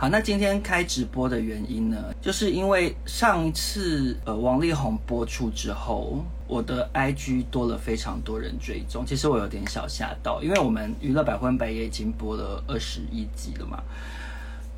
好，那今天開直播的原因呢，就是因為上一次呃王力宏播出之後，我的 IG 多了非常多人追蹤，其實我有點小嚇到，因為我們娛樂百分百也已經播了二十一集了嘛。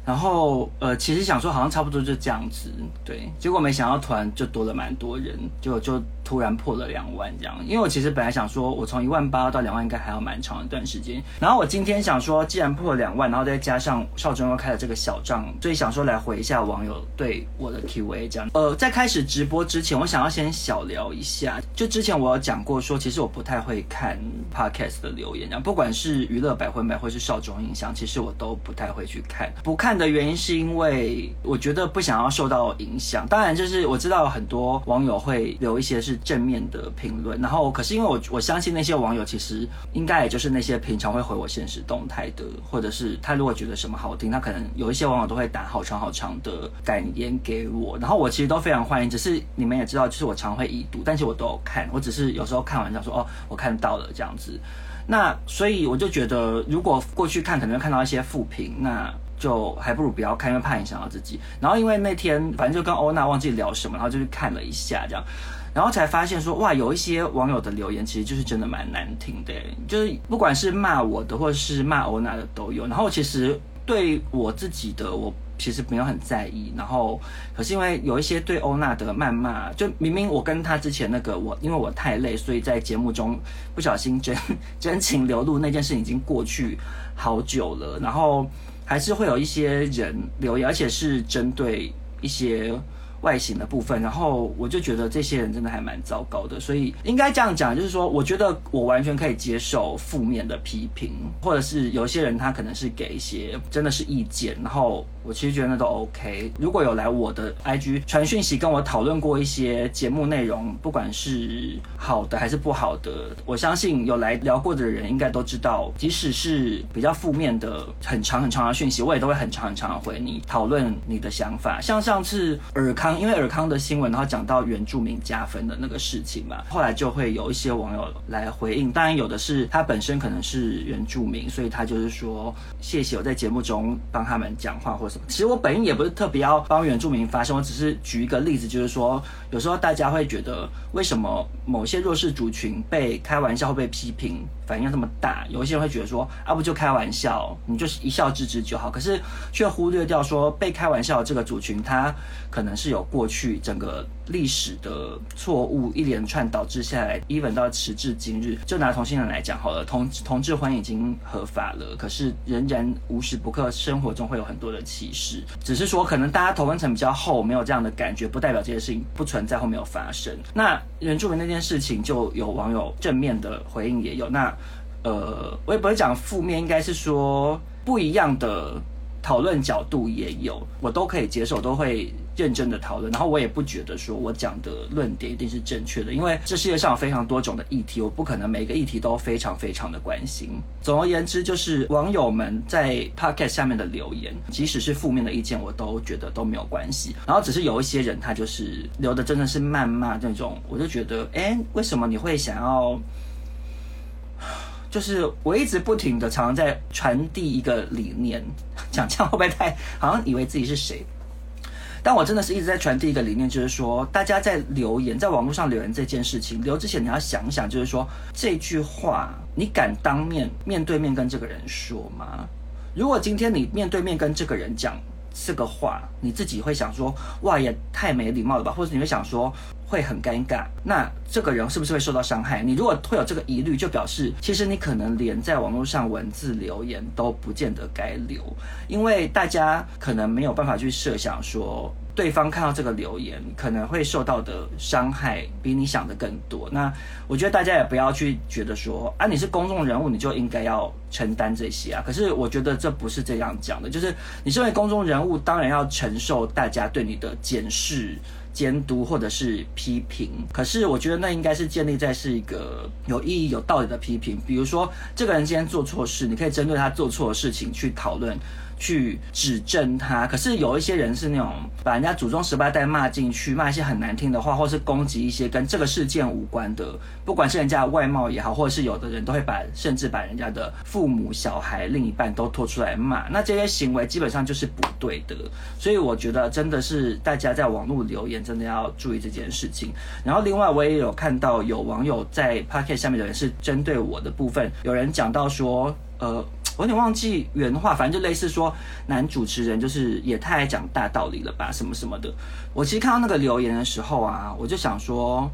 然後，呃，其實想說好像差不多就這樣子，對。結果沒想到突然就多了蠻多人，就就突然破了兩萬這樣。因為我其實本來想說，我從一萬八到兩萬應該還要蠻長一段時間。然後我今天想說，既然破了兩萬，然後再加上劭中又開了這個小帳，所以想說來回一下網友對我的 Q&A。這樣，呃，在開始直播之前，我想要先小聊一下。就之前我有講過說，其實我不太會看 Podcast 的留言這樣，不管是娛樂百分百或是劭中胤翔，其實我都不太會去看，不看。的原因是因為我覺得不想要受到影響。當然，就是我知道很多網友會留一些是正面的評論。然後，可是因為我我相信那些網友其實應該也就是那些平常會回我現實動態的，或者是他如果覺得什麼好聽，他可能有一些網友都會打好長好長的感言給我。然後我其實都非常歡迎，只是你們也知道，就是我常會已讀，但是我都有看。我只是有時候看完之後說，哦，我看到了這樣子。那所以我就覺得，如果過去看，可能會看到一些負評。那就還不如不要看，因為怕影響到自己。然後因為那天反正就跟歐娜忘記聊什麼，然後就去看了一下，這樣，然後才發現說哇，有一些網友的留言其實就是真的蠻難聽的，就是不管是罵我的或是罵歐娜的都有。然後其實對我自己的我其實沒有很在意，然後可是因為有一些對歐娜的謾罵，就明明我跟她之前那個我因為我太累，所以在節目中不小心真真情流露那件事已經過去好久了，然後。還是會有一些人留言，而且是針對一些外形的部分，然後我就覺得這些人真的還蠻糟糕的，所以應該這樣講，就是說，我覺得我完全可以接受負面的批評，或者是有些人他可能是給一些真的是意見，然後我其實覺得那都 OK。如果有來我的 IG 傳訊息跟我討論過一些節目內容，不管是好的還是不好的，我相信有來聊過的人應該都知道，即使是比較負面的、很長很長的訊息，我也都會很長很長的回你，討論你的想法。像上次爾康。因為爾康的新聞，然後講到原住民加分的那個事情嘛，後來就會有一些網友來回應。當然，有的是他本身可能是原住民，所以他就是說謝謝我在節目中幫他們講話或什麼。其實我本意也不是特別要幫原住民發聲，我只是舉一個例子，就是說有時候大家會覺得為什麼某些弱勢族群被開玩笑會被批評。反應要這麼大，有一些人會覺得說，啊不就開玩笑，你就是一笑置之就好。可是卻忽略掉說被開玩笑的這個族群，他可能是有過去整個。歷史的錯誤一連串導致下來，even 到時至今日，就拿同性戀來講好了，同同志婚已經合法了，可是仍然無時不刻生活中會有很多的歧視，只是說可能大家頭分層比較厚，沒有這樣的感覺，不代表這件事情不存在或沒有發生。那原住民那件事情就有網友正面的回應也有，那呃，我也不會講負面，應該是說不一樣的。討論角度也有，我都可以接受，我都會認真的討論。然後我也不覺得說我講的論點一定是正確的，因為這世界上有非常多種的議題，我不可能每個議題都非常非常的關心。總而言之，就是網友們在 podcast 下面的留言，即使是負面的意見，我都覺得都沒有關係。然後只是有一些人他就是留的真的是謾罵這種，我就覺得，誒，為什麼你會想要？就是我一直不停的，常常在傳遞一個理念，講這樣會不會太好像以為自己是誰？但我真的是一直在傳遞一個理念，就是說，大家在留言，在網絡上留言這件事情，留之前你要想想，就是說這句話，你敢當面面對面跟這個人說嗎？如果今天你面對面跟這個人講這個話，你自己會想說，哇，也太沒禮貌了吧？或者你會想說？會很尷尬，那這個人是不是會受到傷害？你如果會有這個疑慮，就表示其實你可能連在網絡上文字留言都不見得該留，因為大家可能沒有辦法去設想說對方看到這個留言可能會受到的傷害比你想的更多。那我覺得大家也不要去覺得說啊，你是公眾人物你就應該要承擔這些啊。可是我覺得這不是這樣講的，就是你身為公眾人物，當然要承受大家對你的檢視。監督或者是批評，可是我覺得那應該是建立在是一個有意義、有道理的批評。比如說，這個人今天做錯事，你可以針對他做錯的事情去討論。去指正他，可是有一些人是那種把人家祖宗十八代罵進去，罵一些很難聽的話，或是攻擊一些跟這個事件無關的，不管是人家外貌也好，或者是有的人都會把甚至把人家的父母、小孩、另一半都拖出來罵。那這些行為基本上就是不對的，所以我覺得真的是大家在網絡留言真的要注意這件事情。然後另外我也有看到有網友在 Podcast 下面留言，是針對我的部分，有人講到說，呃。我有點忘記原話，反正就類似說，男主持人就是也太愛講大道理了吧，什麼什麼的。我其實看到那個留言的時候啊，我就想說，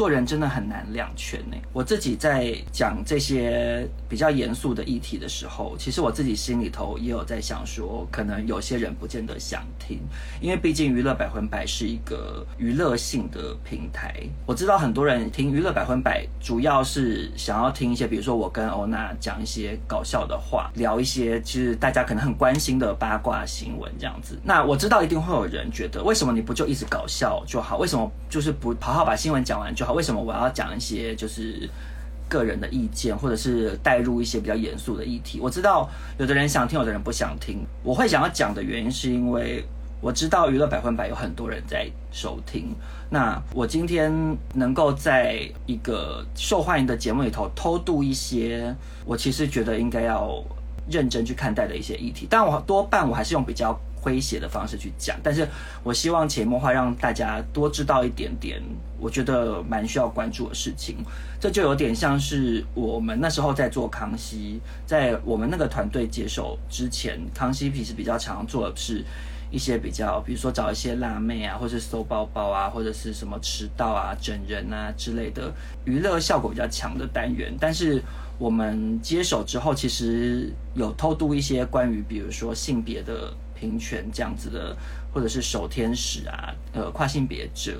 做人真的很難兩全呢、欸。我自己在講這些比較嚴肅的議題的時候，其實我自己心裡頭也有在想說，可能有些人不見得想聽，因為畢竟娛樂百分百是一個娛樂性的平台。我知道很多人聽娛樂百分百，主要是想要聽一些，比如說我跟歐娜講一些搞笑的話，聊一些其實大家可能很關心的八卦新聞這樣子。那我知道一定會有人覺得，為什麼你不就一直搞笑就好？為什麼就是不好好把新聞講完就好？為什麼我要講一些就是個人的意見，或者是帶入一些比較嚴肅的議題？我知道有的人想聽，有的人不想聽。我會想要講的原因，是因為我知道娛樂百分百有很多人在收聽。那我今天能夠在一個受歡迎的節目裡頭偷渡一些，我其實覺得應該要認真去看待的一些議題。但我多半我還是用比較。詼諧的方式去講，但是我希望潛移默化讓大家多知道一點點，我覺得蠻需要關注的事情。這就有點像是我們那時候在做康熙，在我們那個團隊接手之前，康熙其實比較常做的是一些比較，比如說找一些辣妹啊，或者是蒐包包啊，或者是什麼遲到啊、整人啊之類的娛樂效果比較強的單元。但是我們接手之後，其實有偷渡一些關於，比如說性別的。平權這樣子的，或者是守天使啊，呃，跨性別者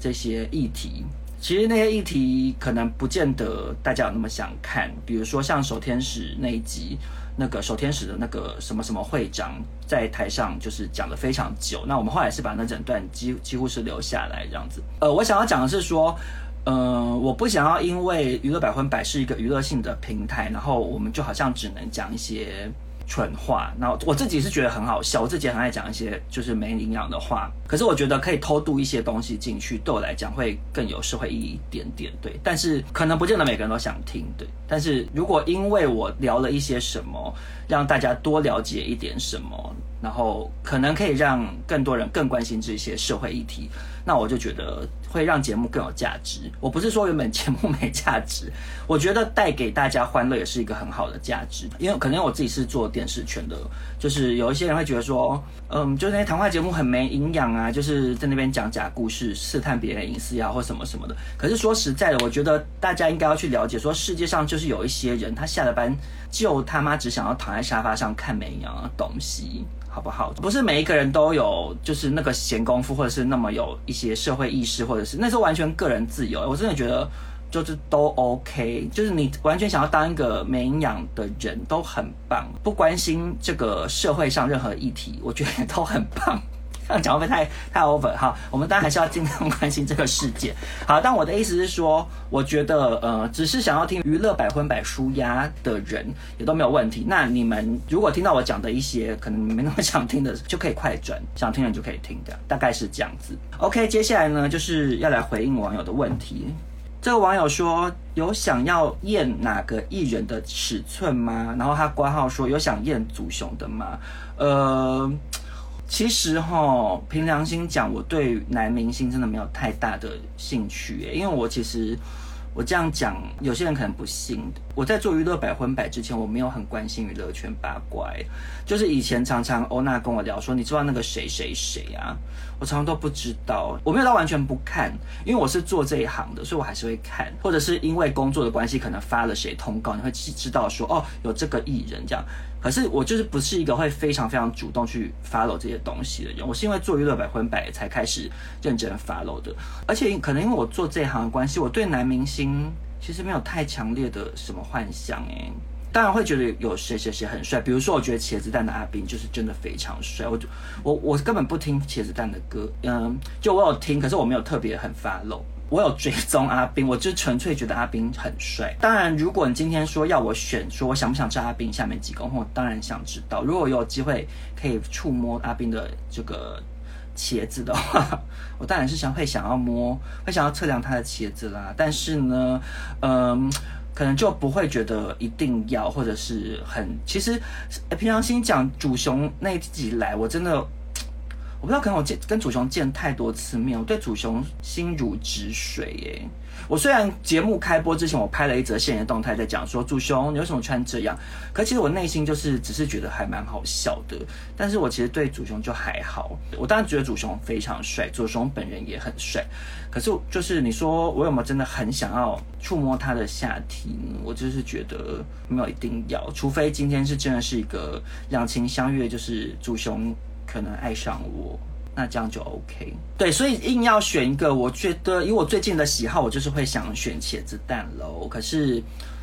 這些議題，其實那些議題可能不見得大家有那麼想看。比如說像守天使那一集，那個守天使的那個什麼什麼會長在台上就是講得非常久，那我們後來是把那整段幾幾乎是留下來這樣子。呃，我想要講的是說，嗯、呃，我不想要因為娛樂百分百是一個娛樂性的平台，然後我們就好像只能講一些。蠢話，那我自己是覺得很好笑，我自己很愛講一些就是沒營養的話。可是我覺得可以偷渡一些東西進去，對我來講會更有社會意義一點點，對。但是可能不見得每個人都想聽，對。但是如果因為我聊了一些什麼，讓大家多了解一點什麼，然後可能可以讓更多人更關心這些社會議題，那我就覺得會讓節目更有價值。我不是說原本節目沒價值，我覺得帶給大家歡樂也是一個很好的價值。因為可能我自己是做電視圈的，就是有一些人會覺得說，嗯,就是那些談話節目很沒營養啊，就是在那邊講假故事、試探別人隱私呀，或什麼什麼的。可是說實在的，我覺得大家應該要去了解，說世界上就是有一些人，他下了班就他媽只想要躺在沙發上看沒營養的東西。好不好？不是每一個人都有就是那個閒功夫，或者是那麼有一些社會意識，或者是那時候完全個人自由。我真的覺得就是都 OK，就是你完全想要當一個沒營養的人都很棒，不關心這個社會上任何議題，我覺得都很棒。講話不太太 over 哈，我們當然還是要尽量關心這個世界。好，但我的意思是說，我覺得呃，只是想要聽娛樂百分百舒壓的人也都沒有問題。那你們如果聽到我講的一些可能沒那麼想聽的，就可以快轉；想聽的就可以聽的，這樣大概是這樣子。OK，接下來呢就是要來回應網友的問題。這個網友說有想要驗哪個藝人的尺寸嗎？然後他掛號說有想驗祖雄的嗎？呃。其實哈、哦，憑良心講，我對男明星真的沒有太大的興趣耶，因為我其實，我這樣講，有些人可能不信。我在做娛樂百分百之前，我沒有很關心娛樂圈八卦。就是以前常常歐娜跟我聊說，你知道那個誰誰誰啊？我常常都不知道。我沒有到完全不看，因為我是做這一行的，所以我還是會看。或者是因為工作的關係，可能發了誰通告，你會知道說，哦，有這個藝人這樣。可是我就是不是一個會非常非常主動去 follow 這些東西的人，我是因為做娛樂百分百才開始認真 follow 的，而且可能因為我做這一行的關係，我對男明星其實沒有太強烈的什麼幻想哎，當然會覺得有誰誰誰很帥，比如說我覺得茄子蛋的阿斌就是真的非常帥，我我我根本不聽茄子蛋的歌，嗯，就我有聽，可是我沒有特別很 follow。我有追蹤阿兵，我就純粹覺得阿兵很帥。當然，如果你今天說要我選，說我想不想知道阿兵下面幾公分，我當然想知道。如果有機會可以觸摸阿兵的這個茄子的話，我當然是想會想要摸，會想要測量他的茄子啦。但是呢，嗯，可能就不會覺得一定要或者是很。其實平常心講，主雄那集來，我真的。我不知道可能我見跟祖雄見太多次面，我對祖雄心如止水耶。我雖然節目開播之前，我拍了一則限時動態在講說，祖雄你為什麼穿這樣，可其實我內心就是只是覺得還蠻好笑的。但是我其實對祖雄就還好，我當然覺得祖雄非常帥，祖雄本人也很帥。可是就是你說我有沒有真的很想要觸摸他的下體？我就是覺得沒有一定要，除非今天是真的是一個兩情相悅，就是祖雄。可能愛上我，那這樣就 OK。對，所以硬要選一個，我覺得以我最近的喜好，我就是會想選茄子蛋嘍。可是，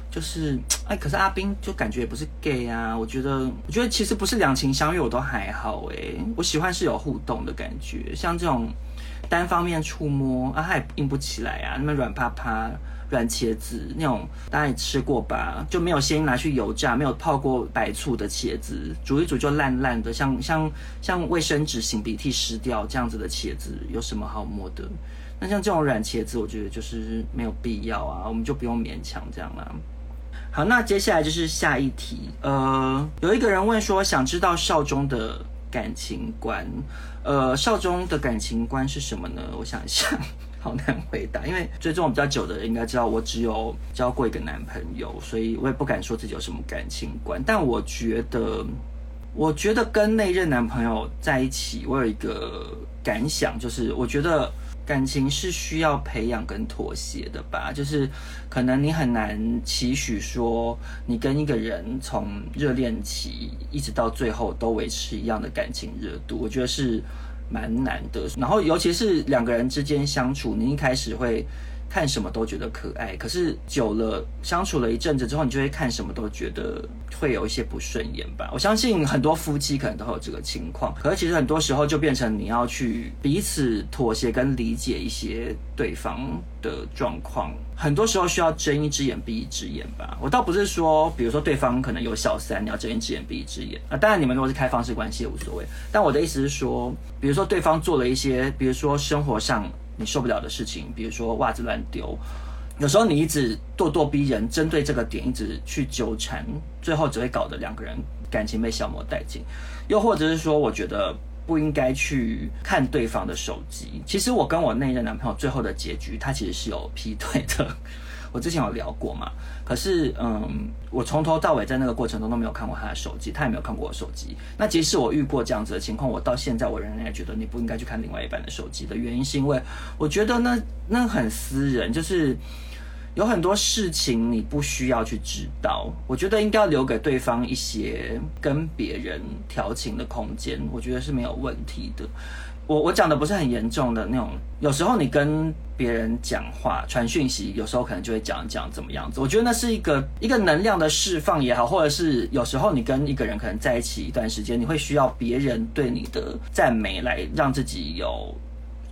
就是哎，可是阿冰就感覺也不是 gay 啊。我覺得，我覺得其實不是兩情相悅，我都還好哎、欸。我喜歡是有互動的感覺，像這種單方面觸摸啊，它也硬不起來啊，那麼軟趴趴。軟茄子那種，大家也吃過吧？就沒有先拿去油炸，沒有泡過白醋的茄子，煮一煮就爛爛的，像像像衛生紙擤鼻涕濕掉這樣子的茄子，有什麼好摸的？那像這種軟茄子，我覺得就是沒有必要啊，我們就不用勉強這樣啦、啊。好，那接下來就是下一題。呃，有一個人問說，想知道劭中的感情觀。呃，劭中的感情觀是什麼呢？我想一下。好難回答，因為追蹤我比較久的人應該知道，我只有交過一個男朋友，所以我也不敢說自己有什麼感情觀。但我覺得，我覺得跟那任男朋友在一起，我有一個感想，就是我覺得感情是需要培養跟妥協的吧。就是可能你很難期許說，你跟一個人從熱戀期一直到最後都維持一樣的感情熱度，我覺得是。蠻難的，然後尤其是兩個人之間相處，你一開始會看什麼都覺得可愛，可是久了相處了一陣子之後，你就會看什麼都覺得會有一些不順眼吧。我相信很多夫妻可能都會有這個情況，可是其實很多時候就變成你要去彼此妥協跟理解一些對方的狀況，很多時候需要睜一隻眼閉一隻眼吧。我倒不是說，比如說對方可能有小三，你要睜一隻眼閉一隻眼啊。當然，你們如果是開放式關係也無所謂。但我的意思是說，比如說對方做了一些，比如說生活上。你受不了的事情，比如說襪子亂丟，有時候你一直咄咄逼人，針對這個點一直去糾纏，最後只會搞得兩個人感情被消磨殆盡。又或者是說，我覺得不應該去看對方的手機。其實我跟我那任男朋友最後的結局，他其實是有劈腿的。我之前有聊過嘛，可是嗯，我從頭到尾在那個過程中都沒有看過他的手機，他也沒有看過我手機。那即使我遇過這樣子的情況，我到現在我仍然也覺得你不應該去看另外一半的手機的原因，是因為我覺得呢，那很私人，就是有很多事情你不需要去知道。我覺得應該要留給對方一些跟別人調情的空間，我覺得是沒有問題的。我我講的不是很嚴重的那種，有時候你跟別人講話、傳訊息，有時候可能就會講講怎麼樣子。我覺得那是一個一個能量的釋放也好，或者是有時候你跟一個人可能在一起一段時間，你會需要別人對你的讚美來讓自己有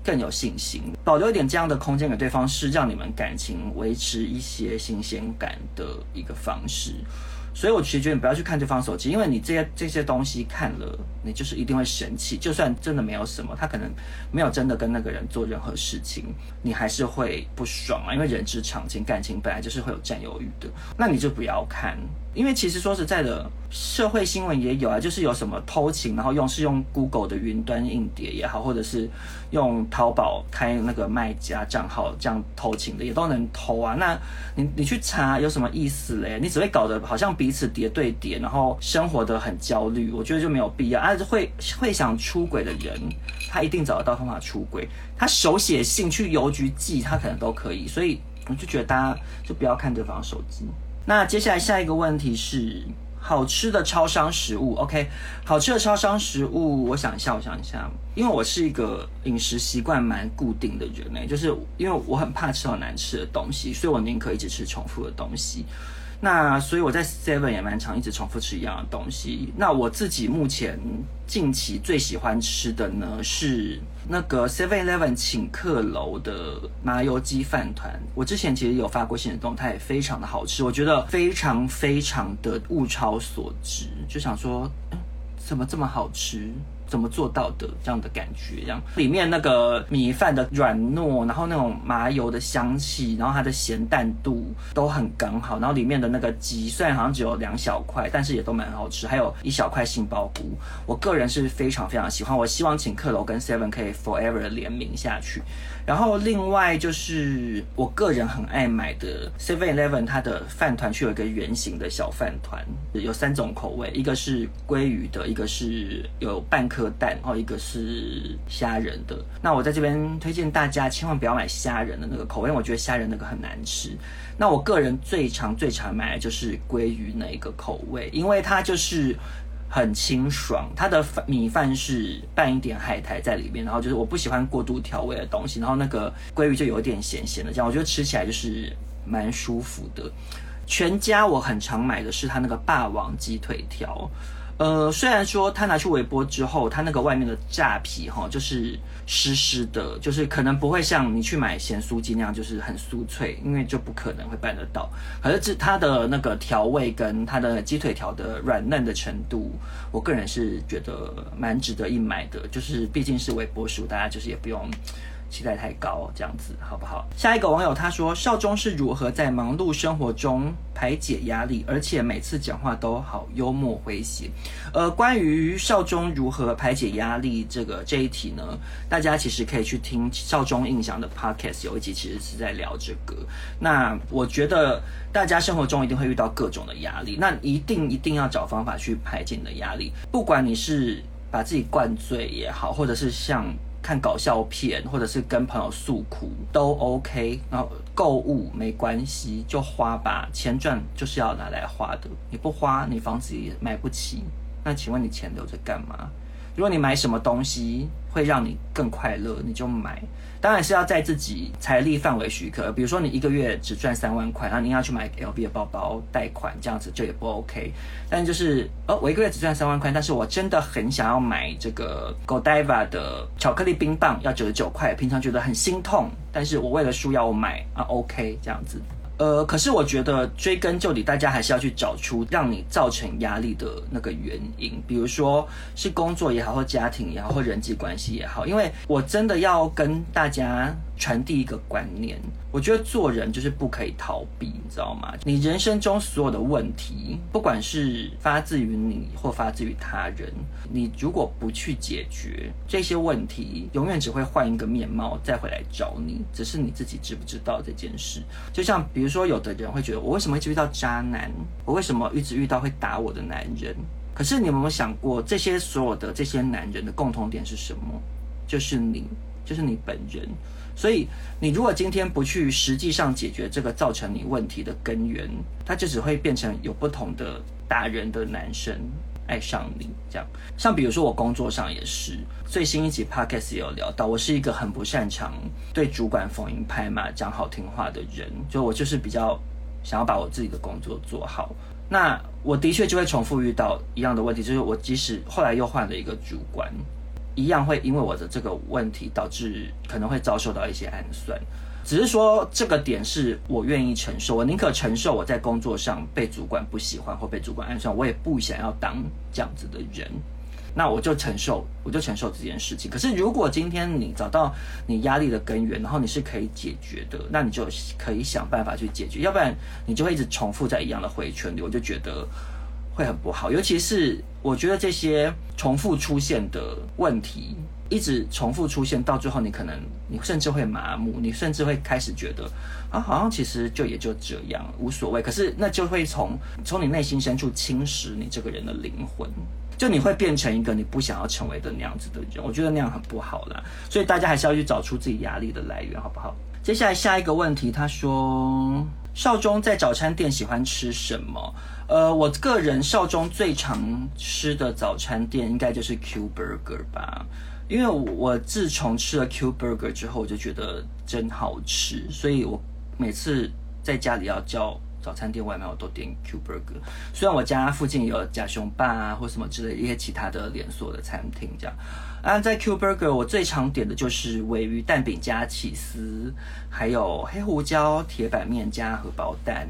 更有信心。保留一點這樣的空間給對方，是讓你們感情維持一些新鮮感的一個方式。所以，我其實覺得你不要去看對方手機，因為你這些這些東西看了，你就是一定會生氣。就算真的沒有什麼，他可能沒有真的跟那個人做任何事情，你還是會不爽啊。因為人之常情，感情本來就是會有佔有慾的，那你就不要看。因為其實說實在的，社會新聞也有啊，就是有什麼偷情，然後用是用 Google 的雲端硬碟，也好，或者是用淘寶開那個賣家賬號這樣偷情的也都能偷啊。那你你去查有什麼意思嘞？你只會搞得好像彼此諜對諜，然後生活得很焦慮，我覺得就沒有必要。啊，會會想出軌的人，他一定找得到方法出軌，他手寫信去郵局寄，他可能都可以。所以我就覺得大家就不要看對方手機。那接下來下一個問題是好吃的超商食物，OK？好吃的超商食物，我想一下，我想一下，因為我是一個飲食習慣蠻固定的人類、欸，就是因為我很怕吃到難吃的東西，所以我寧可一直吃重複的東西。那所以我在 Seven 也蠻常一直重複吃一樣的東西。那我自己目前近期最喜歡吃的呢是那個 Seven Eleven 請客樓的麻油雞飯糰。我之前其實有發過新的動態，它也非常的好吃，我覺得非常非常的物超所值。就想說，嗯，怎麼這麼好吃？怎麼做到的？這樣的感覺，這樣裡面那個米飯的軟糯，然後那種麻油的香氣，然後它的鹹淡度都很剛好，然後裡面的那個雞雖然好像只有兩小塊，但是也都蠻好吃，還有一小塊杏鮑菇，我個人是非常非常喜歡。我希望請客樓跟 Seven 可以 Forever 聯名下去。然後另外就是我個人很愛買的 Seven Eleven，它的飯糰是有一個圓形的小飯糰，有三種口味，一個是鮭魚的，一個是有半顆蛋，然後一個是蝦仁的。那我在這邊推薦大家千萬不要買蝦仁的那個口味，因為我覺得蝦仁那個很難吃。那我個人最常最常買的就是鮭魚那一個口味，因為它就是。很清爽，它的飯米飯是拌一點海苔在裡面，然後就是我不喜歡過度調味的東西，然後那個鮭魚就有點鹹鹹的，這樣我覺得吃起來就是蠻舒服的。全家我很常買的是它那個霸王雞腿條。呃，雖然說它拿去微波之後，它那個外面的炸皮哈、哦，就是濕濕的，就是可能不會像你去買鹹酥雞那樣，就是很酥脆，因為就不可能會辦得到。可是它的那個調味跟它的雞腿條的軟嫩的程度，我個人是覺得蠻值得一買的，就是畢竟是微波熟，大家就是也不用。期待太高，這樣子好不好？下一個網友他說，劭中是如何在忙碌生活中排解壓力，而且每次講話都好幽默詼諧。呃，關於劭中如何排解壓力這個這一題呢？大家其實可以去聽劭中胤翔的 podcast，有一集其實是在聊這個。那我覺得大家生活中一定會遇到各種的壓力，那一定一定要找方法去排解你的壓力，不管你是把自己灌醉也好，或者是像。看搞笑片，或者是跟朋友訴苦都 OK，然後購物沒關係，就花吧，錢賺就是要拿來花的，你不花，你房子也買不起，那請問你錢留着幹嘛？如果你買什麼東西會讓你更快樂，你就買。當然是要在自己財力範圍許可，比如說你一個月只賺三萬塊，那你要去買 LV 的包包貸款這樣子就也不 OK。但就是哦，我一個月只賺三萬塊，但是我真的很想要買這個 Godiva 的巧克力冰棒，要九十九塊，平常覺得很心痛，但是我為了書要我買啊 OK 這樣子。呃，可是我覺得追根究底，大家還是要去找出讓你造成壓力的那個原因，比如說是工作也好，或家庭也好，或人際關係也好，因為我真的要跟大家。傳遞一個觀念，我覺得做人就是不可以逃避，你知道嗎？你人生中所有的問題，不管是發自於你或發自於他人，你如果不去解決這些問題，永遠只會換一個面貌再回來找你，只是你自己知不知道這件事？就像比如說，有的人會覺得我為什麼一直遇到渣男？我為什麼一直遇到會打我的男人？可是你有沒有想過，這些所有的這些男人的共同點是什麼？就是你，就是你本人。所以，你如果今天不去實際上解決這個造成你問題的根源，它就只會變成有不同的大人的男生愛上你這樣。像比如說，我工作上也是，最新一集 Podcast 也有聊到，我是一個很不擅長對主管逢迎拍馬、講好聽話的人，就我就是比較想要把我自己的工作做好。那我的確就會重複遇到一樣的問題，就是我即使後來又換了一個主管。一樣會因為我的這個問題導致可能會遭受到一些暗算，只是說這個點是我願意承受，我寧可承受我在工作上被主管不喜歡或被主管暗算，我也不想要當這樣子的人，那我就承受，我就承受這件事情。可是如果今天你找到你壓力的根源，然後你是可以解決的，那你就可以想辦法去解決，要不然你就會一直重複在一樣的回圈裡。我就覺得。會很不好，尤其是我覺得這些重複出現的問題，一直重複出現到最後，你可能你甚至會麻木，你甚至會開始覺得啊，好像其實就也就這樣，無所謂。可是那就會從從你內心深處侵蝕你這個人的靈魂，就你會變成一個你不想要成為的那樣子的人。我覺得那樣很不好啦，所以大家還是要去找出自己壓力的來源，好不好？接下來下一個問題，他說。劭中在早餐店喜歡吃什麼？呃，我個人劭中最常吃的早餐店應該就是 Q Burger 吧，因為我自從吃了 Q Burger 之後，我就覺得真好吃，所以我每次在家裡要叫早餐店外賣，我都點 Q Burger。雖然我家附近有假熊爸啊，或什麼之類一些其他的連鎖的餐廳這樣。但在 Q Burger，我最常點的就是鮪魚蛋餅加起司，還有黑胡椒鐵板麵加荷包蛋，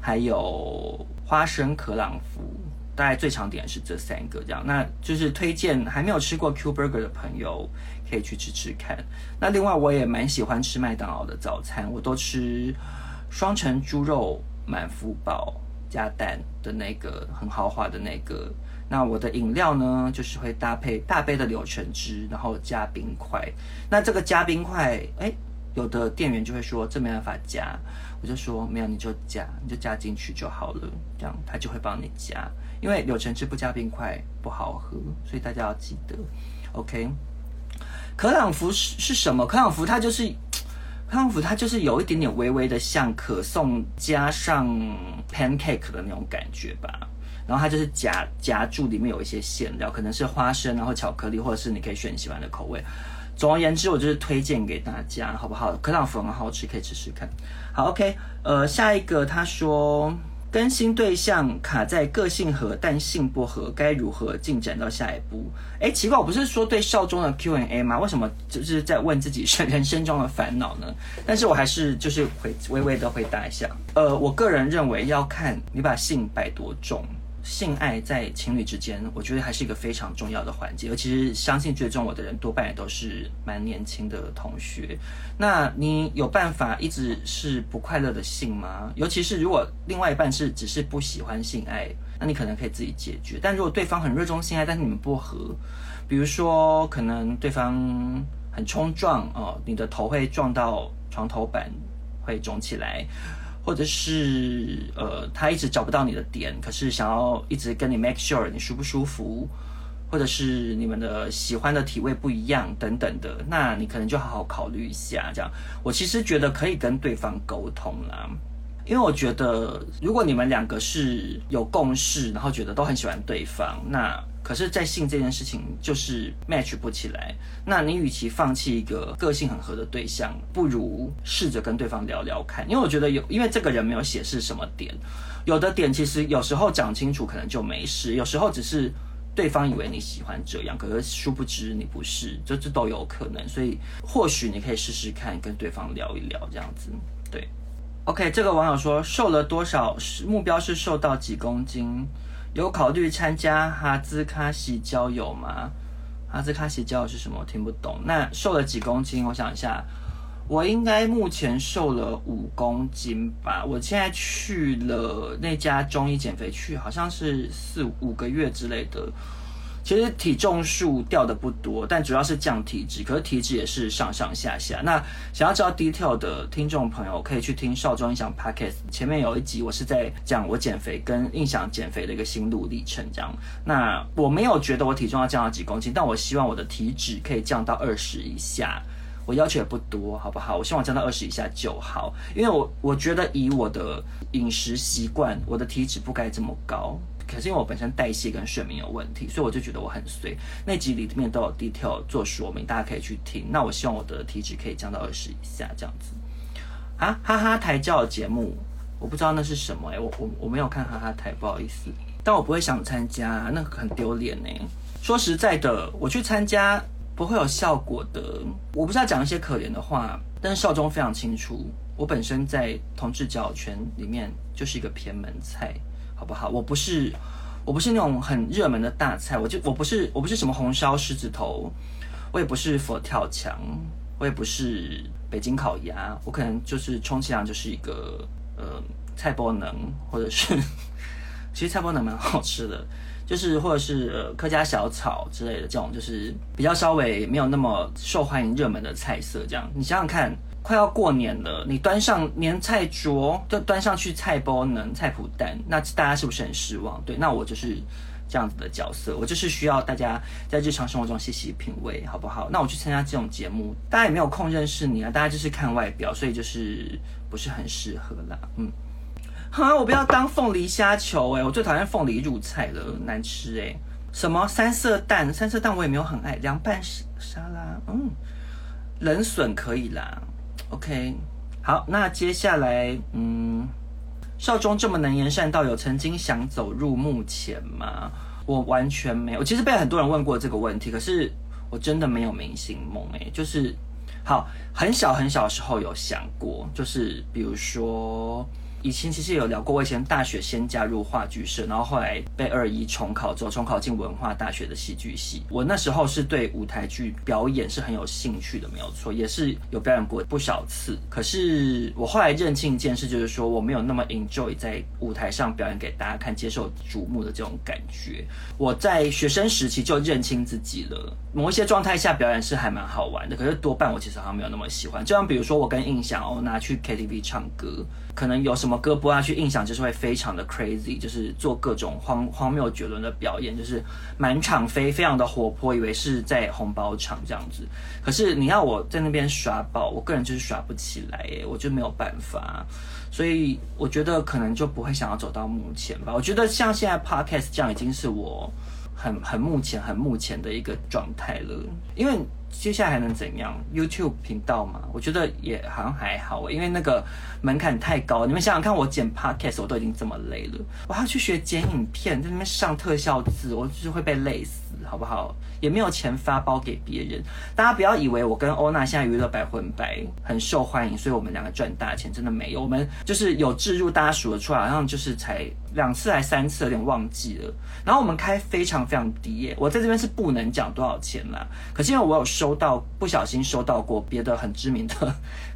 還有花生可朗福。大概最常點的是這三個這樣。那就是推薦還沒有吃過 Q Burger 的朋友可以去吃吃看。那另外我也蠻喜歡吃麥當勞的早餐，我都吃雙層豬肉滿福堡加蛋的那個很豪華的那個。那我的飲料呢，就是會搭配大杯的柳橙汁，然後加冰塊。那這個加冰塊，哎，有的店員就會說這沒辦法加，我就說沒有你就加，你就加進去就好了，這樣他就會幫你加。因為柳橙汁不加冰塊不好喝，所以大家要記得。OK，可朗福是是什麼？可朗福它就是可朗福它就是有一點點微微的像可頌加上 pancake 的那種感覺吧。然後它就是夾夾住，裡面有一些餡料，可能是花生，然後巧克力，或者是你可以選你喜歡的口味。總而言之，我就是推薦給大家，好不好？可朗芙很好吃，可以試試看。好，OK，呃，下一個他說更新對象卡在個性合，但性不合，該如何進展到下一步？哎，奇怪，我不是說對劭中的 Q&A 嗎？為什麼就是在問自己人生中的煩惱呢？但是我還是就是回微微的回答一下。呃，我個人認為要看你把性擺多重。性愛在情侶之間，我覺得還是一個非常重要的環節。尤其是相信追蹤我的人，多半也都是蠻年輕的同學。那你有辦法一直是不快樂的性嗎？尤其是如果另外一半是只是不喜歡性愛，那你可能可以自己解決。但如果對方很熱衷性愛，但是你們不合，比如說可能對方很衝撞哦，你的頭會撞到床頭板，會腫起來。或者是呃，他一直找不到你的點，可是想要一直跟你 make sure 你舒不舒服，或者是你們的喜歡的體位不一樣等等的，那你可能就好好考慮一下這樣。我其實覺得可以跟對方溝通啦，因為我覺得如果你們兩個是有共識，然後覺得都很喜歡對方，那。可是，在性這件事情就是 match 不起來。那你與其放棄一個個性很合的對象，不如試着跟對方聊聊看。因為我覺得有，因為這個人沒有寫是什麼點，有的點其實有時候講清楚可能就沒事，有時候只是對方以為你喜歡這樣，可是殊不知你不是，這這都有可能。所以或許你可以試試看，跟對方聊一聊這樣子。對，OK，這個網友說，瘦了多少？目標是瘦到幾公斤？有考慮參加哈茲卡西交友嗎？哈茲卡西交友是什麼？聽不懂。那瘦了幾公斤？我想一下，我應該目前瘦了五公斤吧。我現在去了那家中醫減肥區，去好像是四五個月之類的。其實體重數掉的不多，但主要是降體脂，可是體脂也是上上下下。那想要知道 detail 的聽眾朋友，可以去聽劭中胤翔 podcast，前面有一集我是在講我減肥跟胤翔減肥的一個心路歷程，這樣。那我沒有覺得我體重要降到幾公斤，但我希望我的體脂可以降到二十以下，我要求也不多，好不好？我希望我降到二十以下就好，因為我我覺得以我的飲食習慣，我的體脂不該這麼高。可是因為我本身代謝跟睡眠有問題，所以我就覺得我很衰。那集裡面都有 detail 做說明，大家可以去聽。那我希望我的體脂可以降到二十以下這樣子。啊哈哈台教的節目，我不知道那是什麼哎、欸，我我我沒有看哈哈台，不好意思，但我不會想參加，那個、很丟臉哎、欸。說實在的，我去參加不會有效果的。我不知道講一些可憐的話，但是劭中非常清楚，我本身在同志交友圈裡面就是一個偏門菜。好不好？我不是，我不是那種很熱門的大菜。我就我不是我不是什麼紅燒獅子頭，我也不是佛跳牆，我也不是北京烤鴨。我可能就是充其量就是一個呃菜脯蛋，或者是其實菜脯蛋蠻好吃的，就是或者是呃客家小炒之類的這種，就是比較稍微沒有那麼受歡迎熱門的菜色。這樣，你想想看。快要過年了，你端上年菜桌，就端上去菜包呢、菜脯蛋，那大家是不是很失望？對，那我就是這樣子的角色，我就是需要大家在日常生活中細細品味，好不好？那我去參加這種節目，大家也沒有空認識你啊，大家就是看外表，所以就是不是很適合啦。嗯，好，我不要當鳳梨蝦球哎、欸，我最討厭鳳梨入菜了，嗯、難吃哎、欸。什麼三色蛋？三色蛋我也沒有很愛，涼拌沙拉，嗯，冷筍可以啦。OK，好，那接下來，嗯，劭中這麼能言善道，有曾經想走入幕前嗎？我完全沒有，我其實被很多人問過這個問題，可是我真的沒有明星夢，哎，就是好，很小很小的時候有想過，就是比如說。以前其實有聊過，我以前大學先加入話劇社，然後後來被二一重考走，重考進文化大學的戲劇系。我那時候是對舞台劇表演是很有興趣的，沒有錯，也是有表演過不少次。可是我後來認清一件事，就是說我沒有那麼 enjoy 在舞台上表演給大家看，接受矚目的這種感覺。我在學生時期就認清自己了，某一些狀態下表演是還蠻好玩的，可是多半我其實好像沒有那麼喜歡。就像比如說我跟胤翔，哦拿去 K T V 唱歌。可能有什麼歌播下去印象，就是會非常的 crazy，就是做各種荒荒謬絕倫的表演，就是滿場飛，非常的活潑，以為是在紅包場這樣子。可是你要我在那邊耍寶，我個人就是耍不起來耶，我就沒有辦法，所以我覺得可能就不會想要走到目前吧。我覺得像現在 podcast 這樣，已經是我。很很目前很目前的一個狀態了，因為接下來還能怎樣？YouTube 頻道嘛，我覺得也好像還好欸，因為那個門檻太高了。你們想想看，我剪 Podcast 我都已經這麼累了，我還要去學剪影片，在那邊上特效字，我就是會被累死。好不好？也沒有錢發包給別人。大家不要以為我跟歐娜現在娛樂百分百很受歡迎，所以我們兩個賺大錢，真的沒有。我們就是有置入，大家數得出來，好像就是才兩次還三次，有點忘記了。然後我們開非常非常低耶，我在這邊是不能講多少錢啦，可是因為我有收到，不小心收到過別的很知名的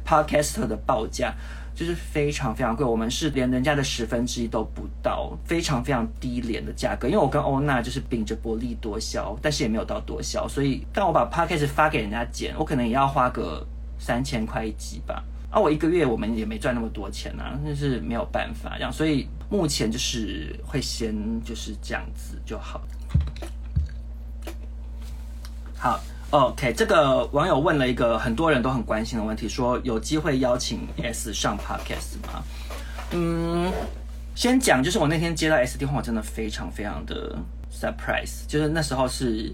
podcaster 的報價。就是非常非常貴，我們是連人家的十分之一都不到，非常非常低廉的價格。因為我跟歐娜就是秉着薄利多銷，但是也沒有到多銷，所以當我把 package 發給人家剪，我可能也要花個三千塊一集吧。啊，我一個月我們也沒賺那麼多錢啊，那、就是沒有辦法這樣，所以目前就是會先就是這樣子就好。好。OK，這個網友問了一個很多人都很關心的問題，說有機會邀請 S 上 Podcast 嗎？嗯，先講就是我那天接到 S 電話，我真的非常非常的 surprise，就是那時候是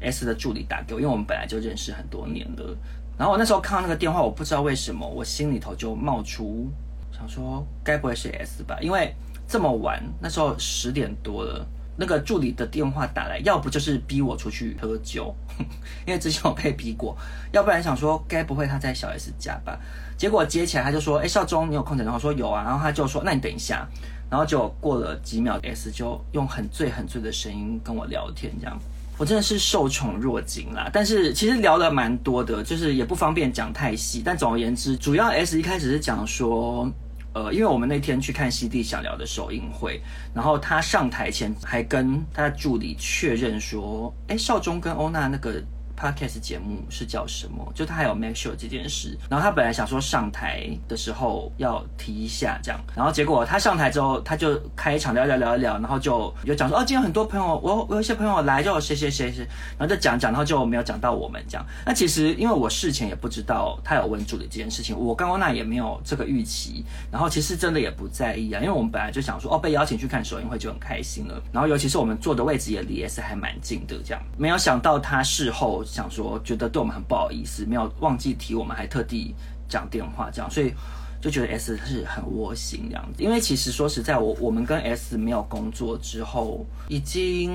S 的助理打給我，因為我們本來就認識很多年了。然後我那時候看到那個電話，我不知道為什麼，我心裡頭就冒出想說，該不會是 S 吧？因為這麼晚，那時候十點多了。那個助理的電話打來，要不就是逼我出去喝酒， 因為之前我被逼過；要不然想說，該不會他在小 S 家吧？結果接起來他就說：“哎、欸，劭中，你有空點電話說有啊。”然後他就說：“那你等一下。”然後就過了幾秒，S 就用很醉、很醉的聲音跟我聊天，這樣我真的是受寵若驚啦。但是其實聊了蠻多的，就是也不方便講太細。但總而言之，主要 S 一開始是講說。呃，因為我們那天去看《熙娣想聊》的首映會，然後他上台前還跟他助理確認說：“哎，劭中跟歐娜那個。” Podcast 節目是叫什麼？就他還有 make sure 這件事，然後他本來想說上台的時候要提一下這樣，然後結果他上台之後，他就開場聊聊聊一聊，然後就有講說哦，今天很多朋友，我我有一些朋友來，叫我誰誰誰誰，然後就講講，然後就沒有講到我們這樣。那其實因為我事前也不知道他有問助理這件事情，我剛剛那也沒有這個預期，然後其實真的也不在意啊，因為我們本來就想說哦，被邀請去看首映會就很開心了，然後尤其是我們坐的位置也離 S 還蠻近的這樣，沒有想到他事後。想說，覺得對我們很不好意思，沒有忘記提我們，還特地講電話這樣，所以就覺得 S 是很窩心這樣子。因為其實說實在，我我們跟 S 沒有工作之後，已經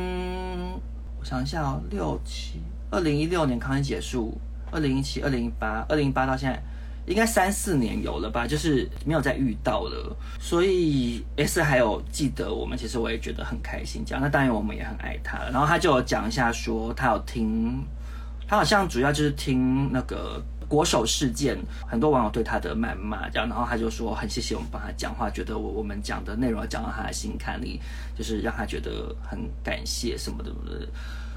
我想一下、哦，六七二零一六年康熙結束，二零一七、二零一八、二零一八到現在，應該三四年有了吧，就是沒有再遇到了。所以 S 還有記得我們，其實我也覺得很開心這樣。那當然我們也很愛他，然後他就有講一下說他有聽。他好像主要就是聽那個國手事件，很多網友對他的謾罵這樣，然後他就說很謝謝我們幫他講話，覺得我我們講的內容要講到他的心坎裡，就是讓他覺得很感謝什麼的，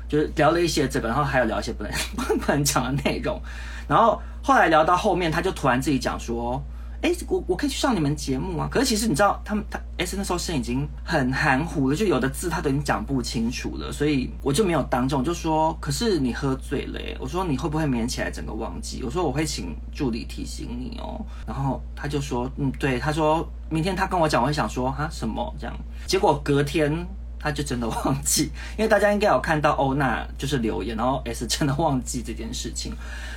就是聊了一些這個，然後還有聊一些不能不能講的內容，然後後來聊到後面，他就突然自己講說。哎、欸，我我可以去上你們節目啊？可是其實你知道，他們他小 S、欸、那時候聲音已經很含糊了，就有的字他都已經講不清楚了，所以我就沒有當眾就說。可是你喝醉了、欸，我說你會不會明天起來整個忘記？我說我會請助理提醒你哦、喔。然後他就說，嗯，對，他說明天他跟我講，我會想說哈什麼這樣。結果隔天。他就真的忘記，因為大家應該有看到哦，那就是留言，然後 S 真的忘記這件事情。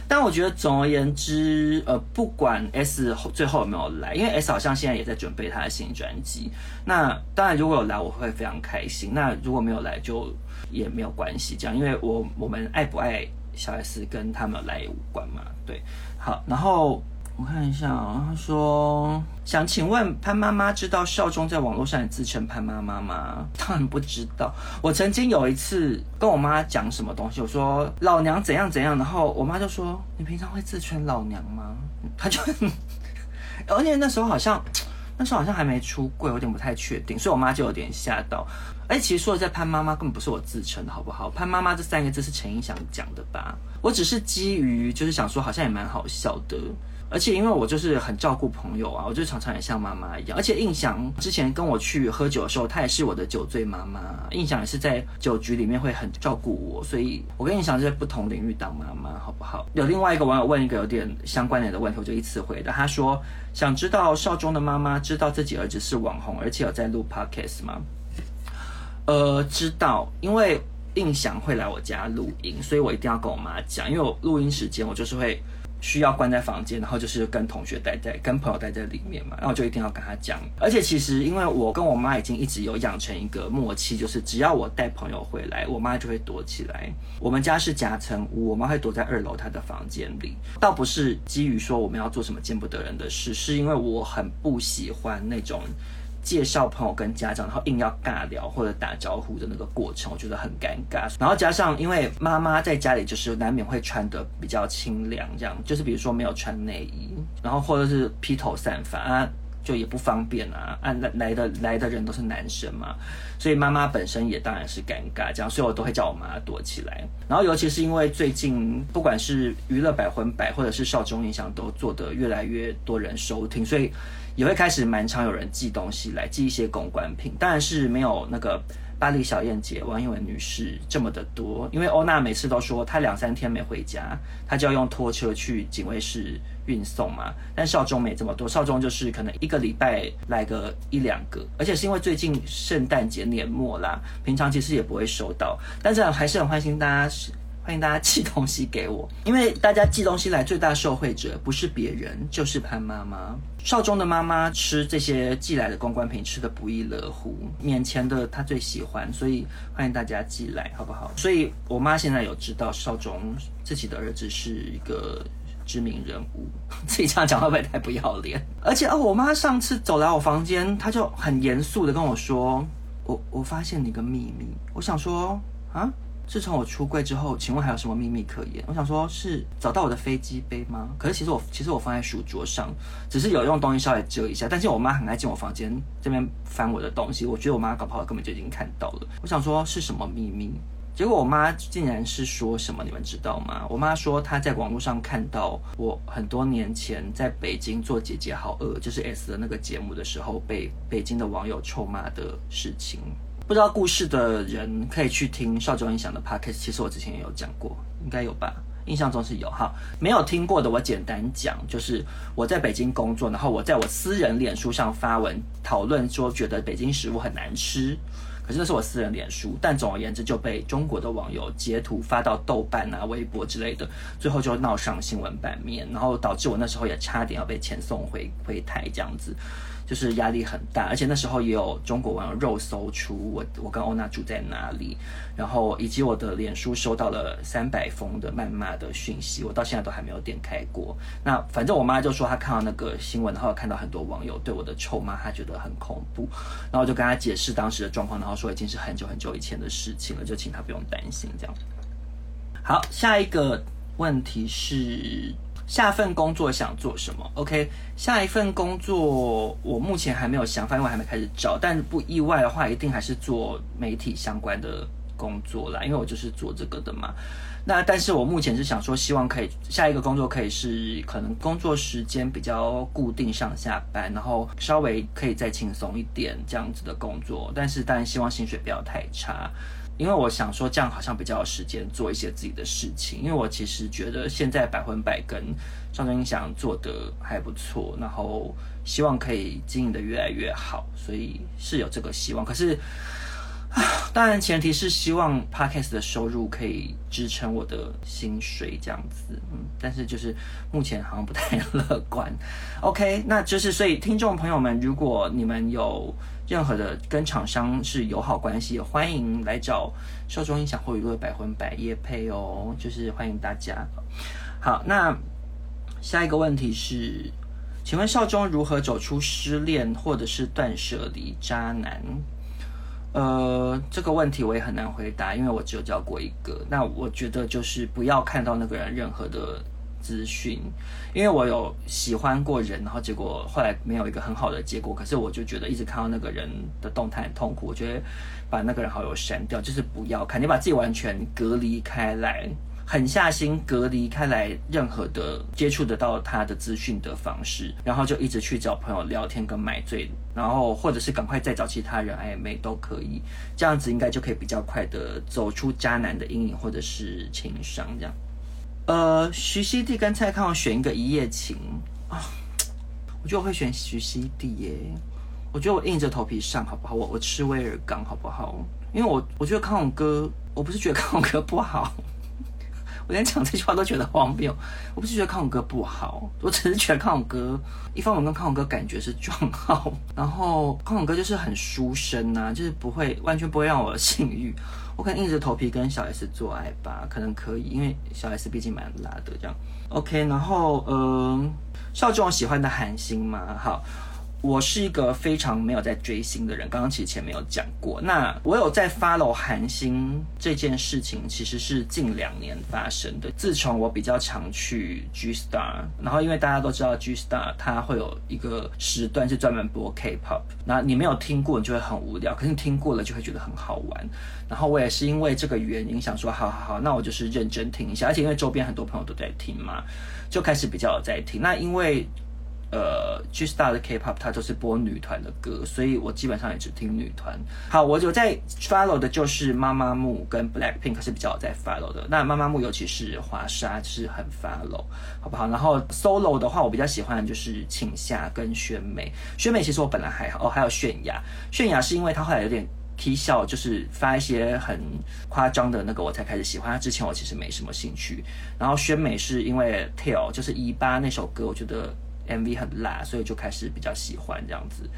但我覺得總而言之，呃，不管 S 最後有沒有來，因為 S 好像現在也在準備他的新專輯。那當然如果有來，我會非常開心。那如果沒有來，就也沒有關係，這樣，因為我我們愛不愛小 S，跟他們來也無關嘛，對。好，然後。我看一下啊，哦，他說想請問潘媽媽知道劭中在網絡上也自稱潘媽媽嗎？當然不知道。我曾經有一次跟我媽講什麼東西，我說老娘怎樣怎樣，然後我媽就說你平常會自稱老娘嗎？他就，而且那時候好像，那時候好像還沒出櫃，我有點不太確定，所以我媽就有點嚇到。哎，其實說的在潘媽媽根本不是我自稱的，好不好？潘媽媽這三個字是陳英祥講的吧？我只是基於就是想說，好像也蠻好笑的。而且因為我就是很照顧朋友啊，我就常常也像媽媽一樣。而且胤翔之前跟我去喝酒的時候，他也是我的酒醉媽媽。胤翔也是在酒局裡面會很照顧我，所以我跟胤翔在不同領域當媽媽，好不好？有另外一個網友問一個有點相關聯的問題，我就一次回答。他說：“想知道劭中的媽媽知道自己兒子是網紅，而且有在錄 Podcast 嗎？”呃，知道，因為胤翔會來我家錄音，所以我一定要跟我媽講，因為我錄音時間我就是會。需要關在房間，然後就是跟同學待在、跟朋友待在裡面嘛，然後就一定要跟他講。而且其實，因為我跟我媽已經一直有養成一個默契，就是只要我帶朋友回來，我媽就會躲起來。我們家是夾層屋，我媽會躲在二樓她的房間裡。倒不是基於說我們要做什麼見不得人的事，是因為我很不喜歡那種。介紹朋友跟家長，然後硬要尬聊或者打招呼的那個過程，我覺得很尷尬。然後加上，因為媽媽在家裡就是難免會穿得比較清涼，這樣就是比如說沒有穿內衣，然後或者是披頭散髮，啊。就也不方便啊，按、啊、來來的來的人都是男生嘛，所以媽媽本身也當然是尷尬，這樣，所以我都會叫我媽躲起來。然後尤其是因為最近不管是娛樂百分百或者是劭中影響都做得越來越多人收聽，所以也會開始蠻常有人寄東西來，寄一些公關品，當然是沒有那個。巴黎小燕姐、王一文女士這麼的多，因為歐娜每次都說她兩三天沒回家，她就要用拖車去警衛室運送嘛。但劭中沒這麼多，劭中就是可能一個禮拜來個一兩個，而且是因為最近聖誕節年末啦，平常其實也不會收到，但是還是很歡迎大家。歡迎大家寄東西給我，因為大家寄東西來，最大受惠者不是別人，就是潘媽媽。劭中的媽媽吃這些寄來的公關品，吃得不亦樂乎。面前的她最喜歡，所以歡迎大家寄來，好不好？所以我媽現在有知道劭中自己的兒子是一個知名人物，自己這樣講會不會太不要臉？而且，哦，我媽上次走來我房間，她就很嚴肅的跟我說：“我我發現了一個秘密，我想說啊。”自從我出櫃之後，請問還有什麼秘密可言？我想說，是找到我的飛機杯嗎？可是其實我，其實我放在書桌上，只是有用東西稍微遮一下。但是我媽很愛進我房間這邊翻我的東西，我覺得我媽搞不好根本就已經看到了。我想說是什麼秘密？結果我媽竟然是說什麼？你們知道嗎？我媽說她在網絡上看到我很多年前在北京做姐姐好餓，就是 S 的那個節目的時候，被北京的網友臭罵的事情。不知道故事的人可以去聽劭中音響的 podcast，其實我之前也有講過，應該有吧？印象中是有哈。沒有聽過的，我簡單講，就是我在北京工作，然後我在我私人臉書上發文討論說，覺得北京食物很難吃。可是那是我私人臉書，但總而言之就被中國的網友截圖發到豆瓣啊、微博之類的，最後就鬧上新聞版面，然後導致我那時候也差點要被遣送回回台這樣子。就是壓力很大，而且那時候也有中國網友肉搜出我我跟歐娜住在哪裡，然後以及我的臉書收到了三百封的謾罵的訊息，我到現在都還沒有點開過。那反正我媽就說她看到那個新聞，然後看到很多網友對我的臭罵，她覺得很恐怖。然後我就跟她解釋當時的狀況，然後說已經是很久很久以前的事情了，就請她不用擔心這樣。好，下一個問題是。下份工作想做什麼？OK，下一份工作我目前還沒有想法，因為還沒開始找。但不意外的話，一定還是做媒體相關的工作啦，因為我就是做這個的嘛。那但是我目前是想說，希望可以下一個工作可以是可能工作時間比較固定上下班，然後稍微可以再輕鬆一點這樣子的工作。但是當然希望薪水不要太差。因為我想說，這樣好像比較有時間做一些自己的事情。因為我其實覺得現在百分百跟上德音響做得還不錯，然後希望可以經營得越來越好，所以是有這個希望。可是，當然前提是希望 podcast 的收入可以支撐我的薪水這樣子。嗯，但是就是目前好像不太樂觀。OK，那就是所以聽眾朋友們，如果你們有。任何的跟廠商是友好關係，歡迎來找劭中音響或娛樂的百分百業配哦，就是歡迎大家。好，那下一個問題是，請問劭中如何走出失戀或者是斷舍離渣男？呃，這個問題我也很難回答，因為我只有交過一個。那我覺得就是不要看到那個人任何的資訊，因為我有喜歡過人，然後結果後來沒有一個很好的結果，可是我就覺得一直看到那個人的動態很痛苦，我覺得把那個人好友刪掉，就是不要看，你把自己完全隔離開來，狠下心隔離開來，任何的接觸得到他的資訊的方式，然後就一直去找朋友聊天跟買醉，然後或者是趕快再找其他人曖昧、哎、都可以，這樣子應該就可以比較快的走出渣男的陰影或者是情傷這樣。呃，徐熙娣跟蔡康永選一個一夜情，哦、我覺得我會選徐熙娣耶。我覺得我硬着頭皮上好不好？我我吃威而鋼好不好？因為我我覺得康永哥，我不是覺得康永哥不好， 我連講這句話都覺得荒謬。我不是覺得康永哥不好，我只是覺得康永哥一方面跟康永哥感覺是撞號。 然後康永哥就是很書生啊，就是不會完全不會讓我性欲。我可能硬着頭皮跟小 S 做愛吧，可能可以，因為小 S 畢竟蠻辣的這樣。OK，然後嗯，劭中喜歡的韓星嗎？好。我是一個非常沒有在追星的人，剛剛其實前面有講過。那我有在 follow 韓星這件事情，其實是近兩年發生的。自從我比較常去 G Star，然後因為大家都知道 G Star，它會有一個時段是專門播 K Pop，那你沒有聽過，你就會很無聊，可是你聽過了，就會覺得很好玩。然後我也是因為這個原因，想說好好好，那我就是認真聽一下。而且因為周邊很多朋友都在聽嘛，就開始比較有在聽。那因為呃，G-star 的 K-pop 它都是播女團的歌，所以我基本上也只聽女團。好，我有在 follow 的就是媽媽木跟 Blackpink 是比較有在 follow 的。那媽媽木尤其是華莎是很 follow，好不好？然後 solo 的話，我比較喜歡就是請夏跟宣美。宣美其實我本來還好，哦，還有泫雅。泫雅是因為她後來有點 K 笑，就是發一些很誇張的那個，我才開始喜歡她。之前我其實沒什麼興趣。然後宣美是因為 Tail 就是尾巴那首歌，我覺得。MV 很辣，所以就開始比較喜歡這樣子，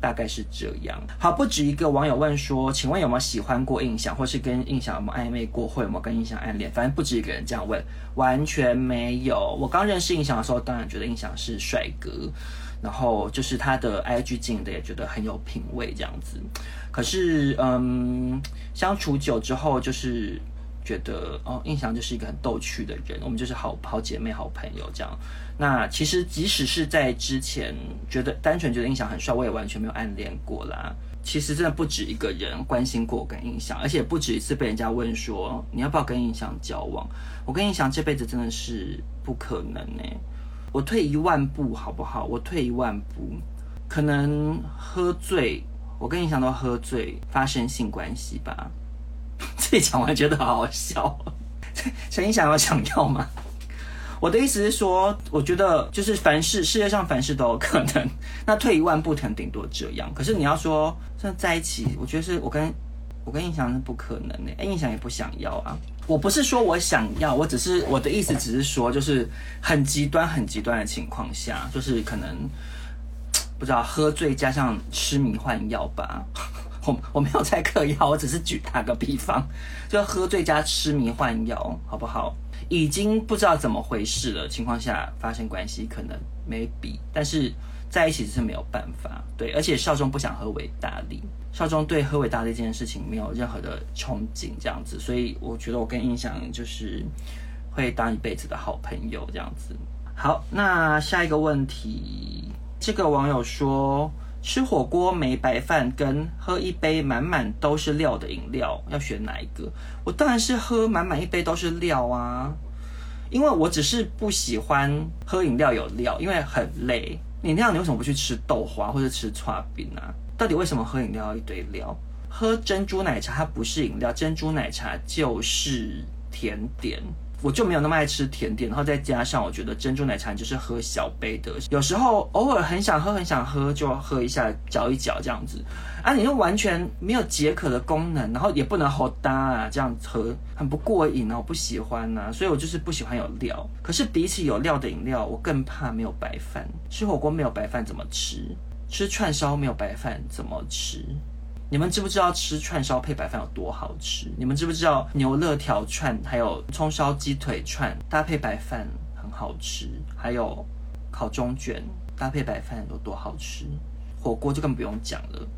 大概是這樣。好，不止一個網友問說，請問有沒有喜歡過胤翔，或是跟胤翔有沒有曖昧過，會有沒有跟胤翔暗戀？反正不止一個人這樣問，完全沒有。我剛認識胤翔的時候，當然覺得胤翔是帥哥，然後就是他的 IG 經營的也覺得很有品味這樣子。可是，嗯，相處久之後，就是。覺得哦，胤翔就是一個很逗趣的人，我們就是好好姐妹、好朋友這樣。那其實即使是在之前，覺得單純覺得胤翔很帥，我也完全沒有暗戀過啦。其實真的不止一個人關心過我跟胤翔，而且不止一次被人家問說，你要不要跟胤翔交往。我跟胤翔這輩子真的是不可能呢、欸。我退一萬步好不好？我退一萬步，可能喝醉，我跟胤翔都喝醉發生性關係吧。自己講完覺得好好笑，陳意想要想要嗎？我的意思是說，我覺得就是凡事世界上凡事都有可能。那退一萬步，可能頂多這樣。可是你要說現在在一起，我覺得是我跟我跟胤翔是不可能的，欸。哎，胤翔也不想要啊。我不是說我想要，我只是我的意思只是說，就是很極端很極端的情況下，就是可能不知道喝醉加上吃迷幻藥吧。我我沒有在嗑藥，我只是舉打個比方，就喝醉加吃迷幻藥，好不好？已經不知道怎麼回事了情況下發生關係，可能沒比，但是在一起是沒有辦法。對，而且劭中不想喝維大力，劭中對喝維大力這件事情沒有任何的憧憬，這樣子。所以我覺得我跟胤翔就是會當一輩子的好朋友這樣子。好，那下一個問題，這個網友說。吃火鍋沒白飯，跟喝一杯滿滿都是料的飲料，要選哪一個？我當然是喝滿滿一杯都是料啊，因為我只是不喜歡喝飲料有料，因為很累。飲料，你為什麼不去吃豆花或者吃剉冰啊？到底為什麼喝飲料一堆料？喝珍珠奶茶它不是飲料，珍珠奶茶就是甜點。我就沒有那麼愛吃甜點，然後再加上我覺得珍珠奶茶就是喝小杯的，有時候偶爾很想喝，很想喝就喝一下，嚼一嚼這樣子。啊，你就完全沒有解渴的功能，然後也不能好搭啊，這樣喝很不過癮，啊，我不喜歡啊，所以我就是不喜歡有料。可是比起有料的飲料，我更怕沒有白飯。吃火鍋沒有白飯怎麼吃？吃串燒沒有白飯怎麼吃？你們知不知道吃串燒配白飯有多好吃？你們知不知道牛肋條串還有蔥燒雞腿串搭配白飯很好吃？還有烤中卷搭配白飯有多好吃？火鍋就更不用講了。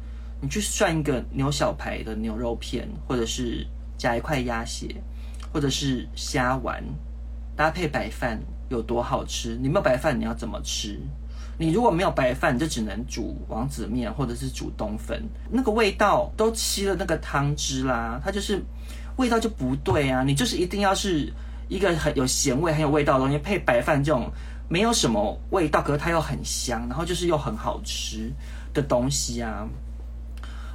你去涮一個牛小排的牛肉片，或者是夾一塊鴨血，或者是蝦丸，搭配白飯有多好吃？你沒有白飯，你要怎麼吃？你如果沒有白飯，你就只能煮王子麵或者是煮冬粉，那個味道都吸了那個湯汁啦，它就是味道就不對啊。你就是一定要是一個很有鹹味、很有味道的東西配白飯，這種沒有什麼味道，可是它又很香，然後就是又很好吃的東西啊。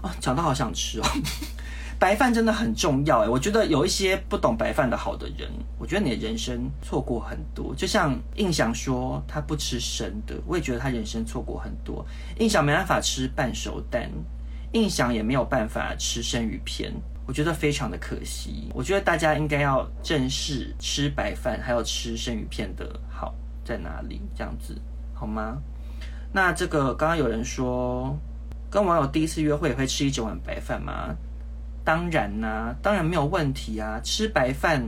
啊、哦，講到好想吃哦。 白飯真的很重要哎，我覺得有一些不懂白飯的好的人，我覺得你的人生錯過很多。就像胤翔說，他不吃生的，我也覺得他人生錯過很多。胤翔沒辦法吃半熟蛋，胤翔也沒有辦法吃生魚片，我覺得非常的可惜。我覺得大家應該要正視吃白飯還有吃生魚片的好在哪裡，這樣子好嗎？那這個剛剛有人說，跟網友第一次約會也會吃一整碗白飯嗎？當然啦、啊，當然沒有問題啊，吃白飯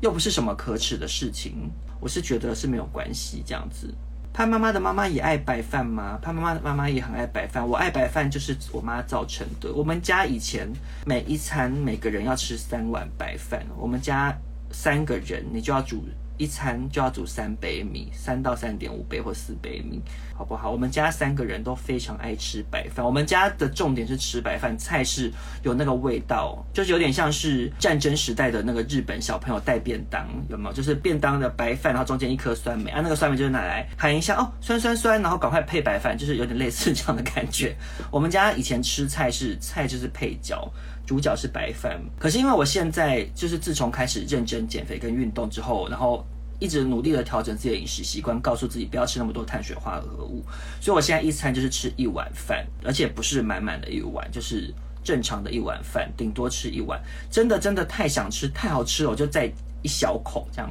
又不是什麼可恥的事情，我是覺得是沒有關係這樣子。潘媽媽的媽媽也愛白飯嗎？潘媽媽的媽媽也很愛白飯，我愛白飯就是我媽造成的。我們家以前每一餐每個人要吃三碗白飯，我們家三個人你就要煮一餐，就要煮三杯米，三到三點五杯或四杯米。好不好？我們家三個人都非常愛吃白飯。我們家的重點是吃白飯，菜是有那個味道，就是有點像是戰爭時代的那個日本小朋友帶便當，有沒有？就是便當的白飯，然後中間一顆酸梅啊，那個酸梅就是拿來喊一下哦，酸酸酸，然後趕快配白飯，就是有點類似這樣的感覺。 我們家以前吃菜是菜就是配角，主角是白飯。可是因為我現在就是自從開始認真減肥跟運動之後，然後。一直努力地調整自己的飲食習慣，告訴自己不要吃那麼多碳水化合物。所以我現在一餐就是吃一碗飯，而且不是滿滿的一碗，就是正常的一碗飯，頂多吃一碗。真的真的太想吃，太好吃了，我就再一小口這樣。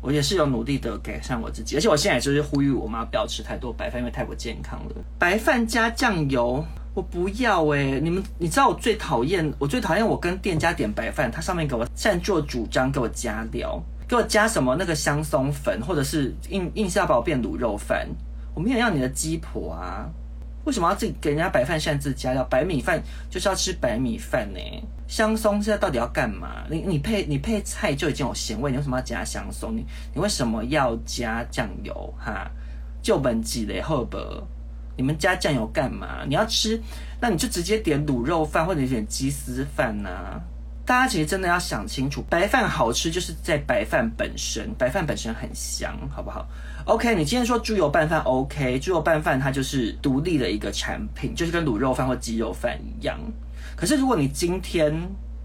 我也是有努力地改善我自己，而且我現在也就是呼籲我媽不要吃太多白飯，因為太不健康了。白飯加醬油，我不要欸！你們你知道我最討厭，我最討厭我跟店家點白飯，他上面給我擅作主張給我加料。如果加什麼那個香鬆粉，或者是硬硬是要把我變滷肉飯？我沒有要你的雞婆啊！為什麼要自己給人家白飯擅自加料？白米飯就是要吃白米飯呢、欸！香鬆現在到底要幹嘛？你你配你配菜就已經有鹹味，你為什麼要加香鬆？你你為什麼要加醬油？哈，就本雞嘞，後伯，你們加醬油幹嘛？你要吃，那你就直接點滷肉飯，或者點雞絲飯呢、啊？大家其實真的要想清楚，白飯好吃就是在白飯本身，白飯本身很香，好不好？OK，你今天說豬油拌飯 OK，豬油拌飯它就是獨立的一個產品，就是跟滷肉飯或雞肉飯一樣。可是如果你今天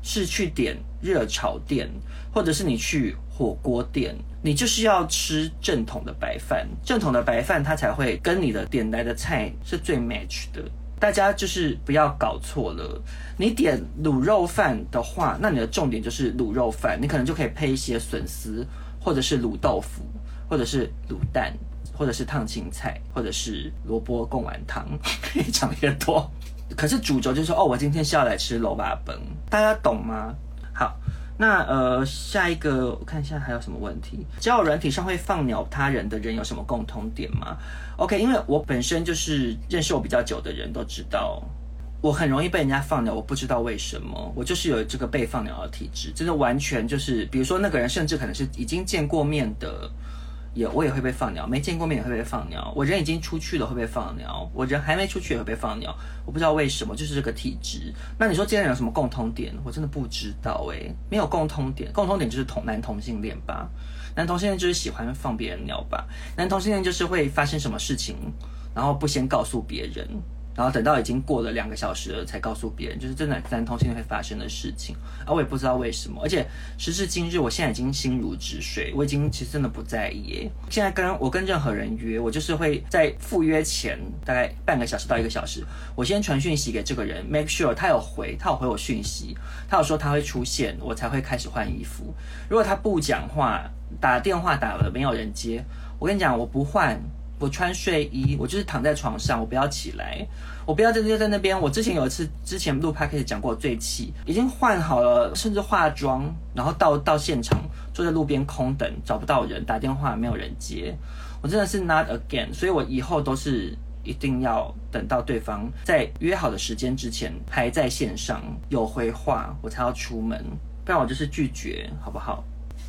是去點熱炒店，或者是你去火鍋店，你就是要吃正統的白飯，正統的白飯它才會跟你的點來的菜是最 match 的。大家就是不要搞錯了，你點滷肉飯的話，那你的重點就是滷肉飯，你可能就可以配一些筍絲，或者是滷豆腐，或者是滷蛋，或者是燙青菜，或者是蘿蔔貢丸湯，可 以講越也多。 可是主軸就是說哦，我今天是要來吃滷肉飯，大家懂嗎？好。那呃，下一個我看一下還有什麼問題。交友軟體上會放鳥他人的人有什麼共通點嗎？OK，因為我本身就是認識我比較久的人都知道，我很容易被人家放鳥，我不知道為什麼，我就是有這個被放鳥的體質，真的完全就是，比如說那個人甚至可能是已經見過面的。有，我也會被放鳥，沒見過面也會被放鳥，我人已經出去了會被放鳥，我人還沒出去也會被放鳥，我不知道為什麼，就是這個體質。那你說這些人有什麼共通點？我真的不知道哎、欸，沒有共通點，共通點就是同男同性戀吧？男同性戀就是喜歡放別人鳥吧？男同性戀就是會發生什麼事情，然後不先告訴別人。然後等到已經過了兩個小時了，才告訴別人，就是真的三通現在會發生的事情、啊。而我也不知道為什麼，而且時至今日，我現在已經心如止水，我已經其實真的不在意。現在跟我跟任何人約，我就是會在赴約前大概半個小時到一個小時，我先傳訊息給這個人，make sure 他有回，他有回我訊息，他有說他會出現，我才會開始換衣服。如果他不講話，打電話打了沒有人接，我跟你講，我不換。我穿睡衣，我就是躺在床上，我不要起來，我不要在就在那邊。我之前有一次，之前錄拍可以講過，我最氣，已經換好了，甚至化妝，然後到到現場坐在路邊空等，找不到人，打電話沒有人接，我真的是 not again。所以，我以後都是一定要等到對方在約好的時間之前還在線上有回話，我才要出門，不然我就是拒絕，好不好？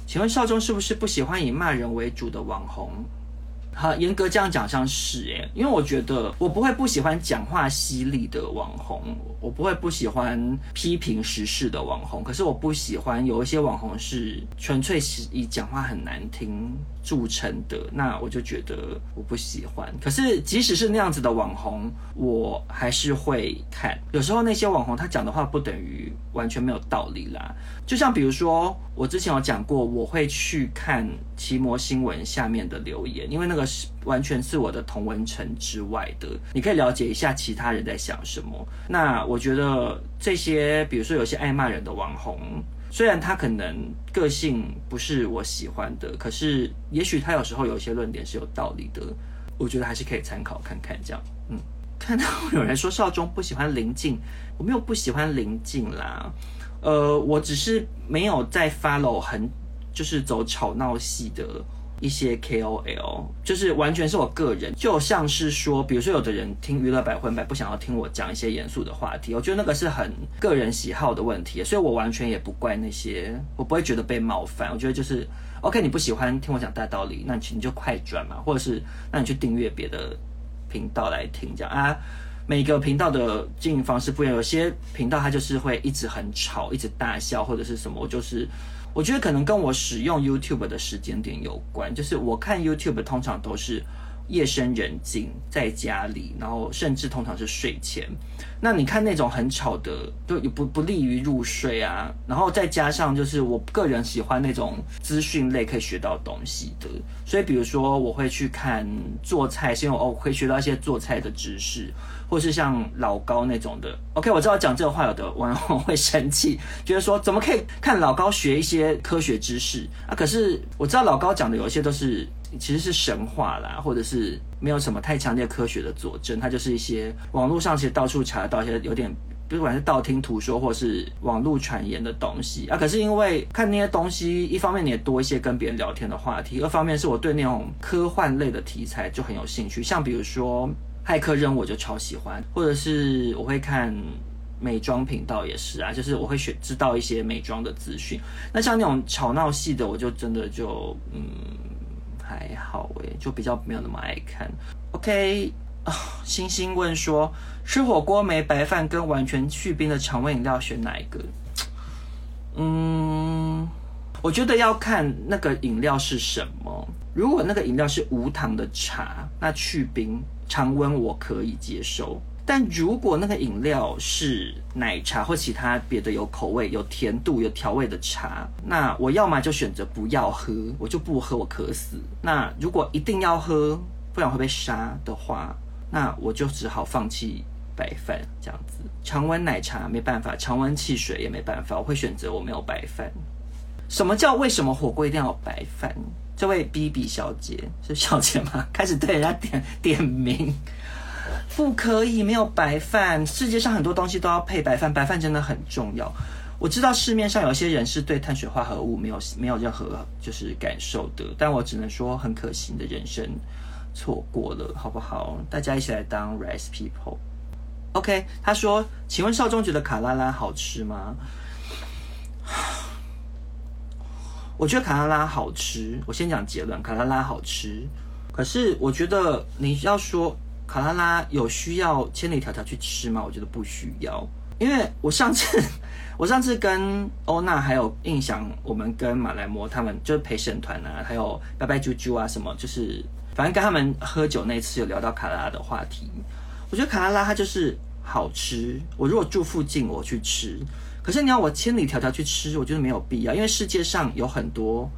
請問劭中是不是不喜歡以罵人為主的網紅？好，嚴格這樣講，像是誒，因為我覺得我不會不喜歡講話犀利的網紅，我不會不喜歡批評時事的網紅。可是我不喜歡有一些網紅是純粹是以講話很難聽著稱的，那我就覺得我不喜歡。可是即使是那樣子的網紅，我還是會看。有時候那些網紅他講的話不等於完全沒有道理啦，就像比如說我之前有講過，我會去看奇摩新聞下面的留言，因為那個。完全是我的同溫層之外的，你可以了解一下其他人在想什麼。那我覺得這些，比如說有些愛罵人的網紅，雖然他可能個性不是我喜歡的，可是也許他有時候有些論點是有道理的，我覺得還是可以參考看看。這樣，嗯，看到有人說劭中不喜歡林靜，我沒有不喜歡林靜啦，呃，我只是沒有在 follow 很就是走吵鬧戲的。一些 KOL 就是完全是我個人，就像是說，比如說有的人聽娛樂百分百不想要聽我講一些嚴肅的話題，我覺得那個是很個人喜好的問題，所以我完全也不怪那些，我不會覺得被冒犯。我覺得就是 OK，你不喜歡聽我講大道理，那你就快轉嘛，或者是那你去訂閱別的頻道來聽這樣啊。每個頻道的經營方式不一樣，有些頻道它就是會一直很吵，一直大笑或者是什麼，我就是。我覺得可能跟我使用 YouTube 的時間點有關，就是我看 YouTube 通常都是，夜深人靜，在家裡，然後甚至通常是睡前。那你看那種很吵的，對，也不不利於入睡啊。然後再加上，就是我個人喜歡那種資訊類可以學到東西的。所以，比如說我會去看做菜，是因為哦，可以學到一些做菜的知識，或是像老高那種的。OK，我知道講這個話有的網友會生氣，覺得說怎麼可以看老高學一些科學知識啊？可是我知道老高講的有一些都是。其實是神話啦，或者是沒有什麼太強烈科學的佐證，它就是一些網絡上其實到處查到一些有點不管是道聽途說或是網絡傳言的東西啊。可是因為看那些東西，一方面你也多一些跟別人聊天的話題，二方面是我對那種科幻類的題材就很有興趣，像比如說駭客任務我就超喜歡，或者是我會看美妝頻道也是啊，就是我會學知道一些美妝的資訊。那像那種吵鬧系的，我就真的就嗯。還好欸，就比較沒有那麼愛看。OK，哦，星星問說，吃火鍋沒白飯跟完全去冰的常溫飲料選哪一個？嗯，我覺得要看那個飲料是什麼。如果那個飲料是無糖的茶，那去冰常溫我可以接受。但如果那個飲料是奶茶或其他別的有口味，有甜度，有調味的茶，那我要麼就選擇不要喝，我就不喝，我渴死。那如果一定要喝，不然會被殺的話，那我就只好放棄白飯。這樣子，常溫奶茶沒辦法，常溫汽水也沒辦法，我會選擇我沒有白飯。什麼叫為什麼火鍋一定要有白飯？這位 BB 小姐是小姐嗎？開始對人家點點名。不可以，沒有白飯，世界上很多東西都要配白飯，白飯真的很重要。我知道市面上有些人是對碳水化合物沒有沒有任何就是感受的，但我只能說很可惜的人生錯過了，好不好？大家一起來當 Rice People。OK，他說，請問劭中覺得卡拉拉好吃嗎？我覺得卡拉拉好吃，我先講結論，卡拉拉好吃。可是我覺得你要說。卡拉拉有需要千里迢迢去吃嗎？我覺得不需要，因為我上次，我上次跟歐娜還有胤翔，我們跟馬來莫他們就是陪審團啊，還有拜拜啾啾啊什麼，就是反正跟他們喝酒那次有聊到卡拉拉的話題。我覺得卡拉拉它就是好吃，我如果住附近我去吃，可是你要我千里迢迢去吃，我覺得沒有必要，因為世界上有很多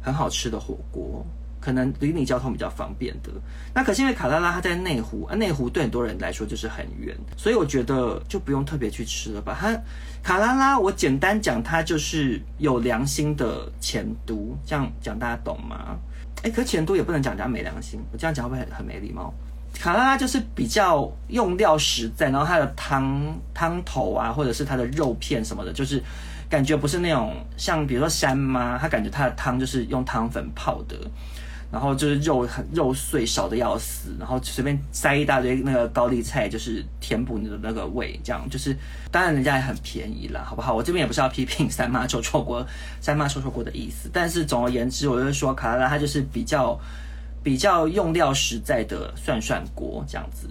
很好吃的火鍋。可能離你交通比較方便的，那可是因為卡拉拉它在內湖啊，內湖對很多人來說就是很遠，所以我覺得就不用特別去吃了吧。它卡拉拉，我簡單講，它就是有良心的錢都，這樣講大家懂嗎？哎、欸，可錢都也不能講人家沒良心，我這樣講會不會很很沒禮貌？卡拉拉就是比較用料實在，然後它的湯湯頭啊，或者是它的肉片什麼的，就是感覺不是那種像比如說三媽，他感覺他的湯就是用湯粉泡的。然後就是肉很肉碎少得要死，然後隨便塞一大堆那個高麗菜，就是填補你的那個胃，這樣就是。當然人家也很便宜啦，好不好？我這邊也不是要批評三媽臭臭鍋，三媽臭臭鍋的意思。但是總而言之，我就說卡拉拉它就是比較比較用料實在的涮涮鍋這樣子。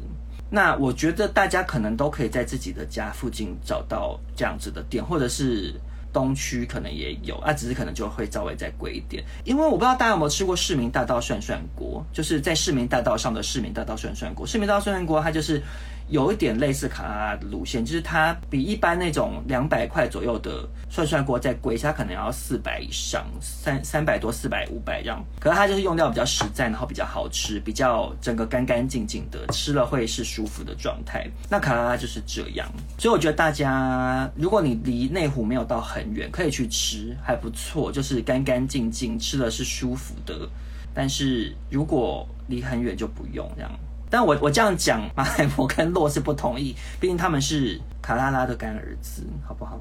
那我覺得大家可能都可以在自己的家附近找到這樣子的店，或者是。東區可能也有啊，只是可能就會稍微再貴一點，因為我不知道大家有沒有吃過市民大道涮涮鍋，就是在市民大道上的市民大道涮涮鍋，市民大道涮涮鍋它就是。有一點類似卡拉拉的路線，就是它比一般那種兩百塊左右的涮涮鍋再貴一下，它可能要四百以上，三三百多、四百、五百這樣。可是它就是用料比較實在，然後比較好吃，比較整個乾干淨淨的，吃了會是舒服的狀態。那卡拉拉就是這樣，所以我覺得大家如果你離內湖沒有到很遠，可以去吃，還不錯，就是干干淨淨，吃了是舒服的。但是如果離很遠就不用這樣。但我我這樣講，馬海博跟洛斯不同意，畢竟他們是卡拉拉的乾兒子，好不好？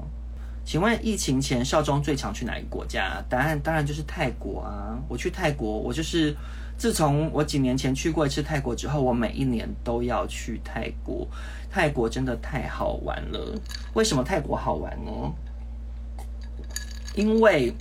請問疫情前，劭中最常去哪一個國家？答案當然就是泰國啊！我去泰國，我就是自從我幾年前去過一次泰國之後，我每一年都要去泰國。泰國真的太好玩了，為什麼泰國好玩呢？因為。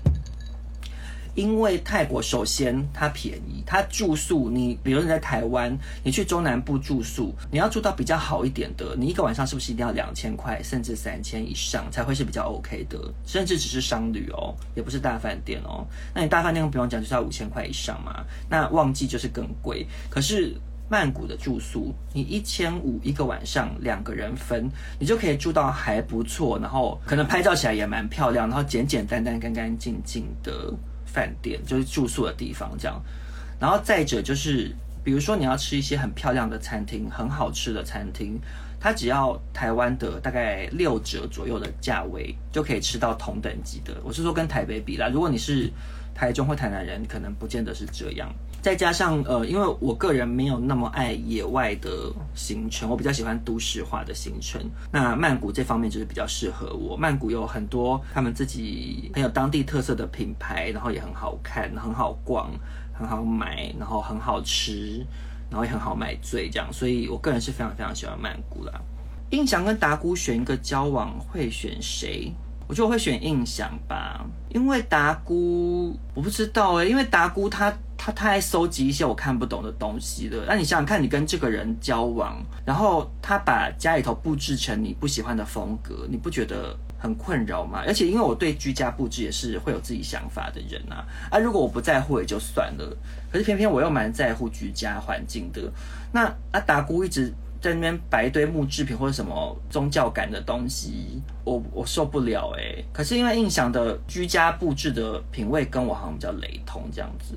因為泰國首先它便宜，它住宿你，你比如你在台灣，你去中南部住宿，你要住到比較好一點的，你一個晚上是不是一定要兩千塊甚至三千以上才會是比較 OK 的？甚至只是商旅哦，也不是大飯店哦。那你大飯店不用講，就是要五千塊以上嘛。那旺季就是更貴。可是曼谷的住宿，你一千五一個晚上兩個人分，你就可以住到還不錯，然後可能拍照起來也蠻漂亮，然後簡簡單單、干干淨淨的。飯店就是住宿的地方，這樣，然後再者就是，比如說你要吃一些很漂亮的餐廳、很好吃的餐廳，它只要台灣的大概六折左右的價位就可以吃到同等級的，我是說跟台北比啦。如果你是台中或台南人可能不見得是這樣，再加上呃，因為我個人沒有那麼愛野外的行程，我比較喜歡都市化的行程。那曼谷這方面就是比較適合我，曼谷有很多他們自己很有當地特色的品牌，然後也很好看，很好逛，很好買，然後很好吃，然後也很好買醉這樣，所以我個人是非常非常喜歡曼谷啦。胤翔跟達姑選一個交往會選誰？我覺得我會選印象吧，因為達姑我不知道誒、欸。因為達姑她她她愛收集一些我看不懂的東西的。那你想想看，你跟這個人交往，然後他把家裡頭布置成你不喜歡的風格，你不覺得很困擾嗎？而且因為我對居家布置也是會有自己想法的人啊，啊，如果我不在乎也就算了，可是偏偏我又蠻在乎居家環境的。那啊，達姑一直。在那邊擺一堆木製品或者什麼宗教感的東西，我我受不了哎、欸。可是因為印象的居家佈置的品味跟我好像比較雷同這樣子。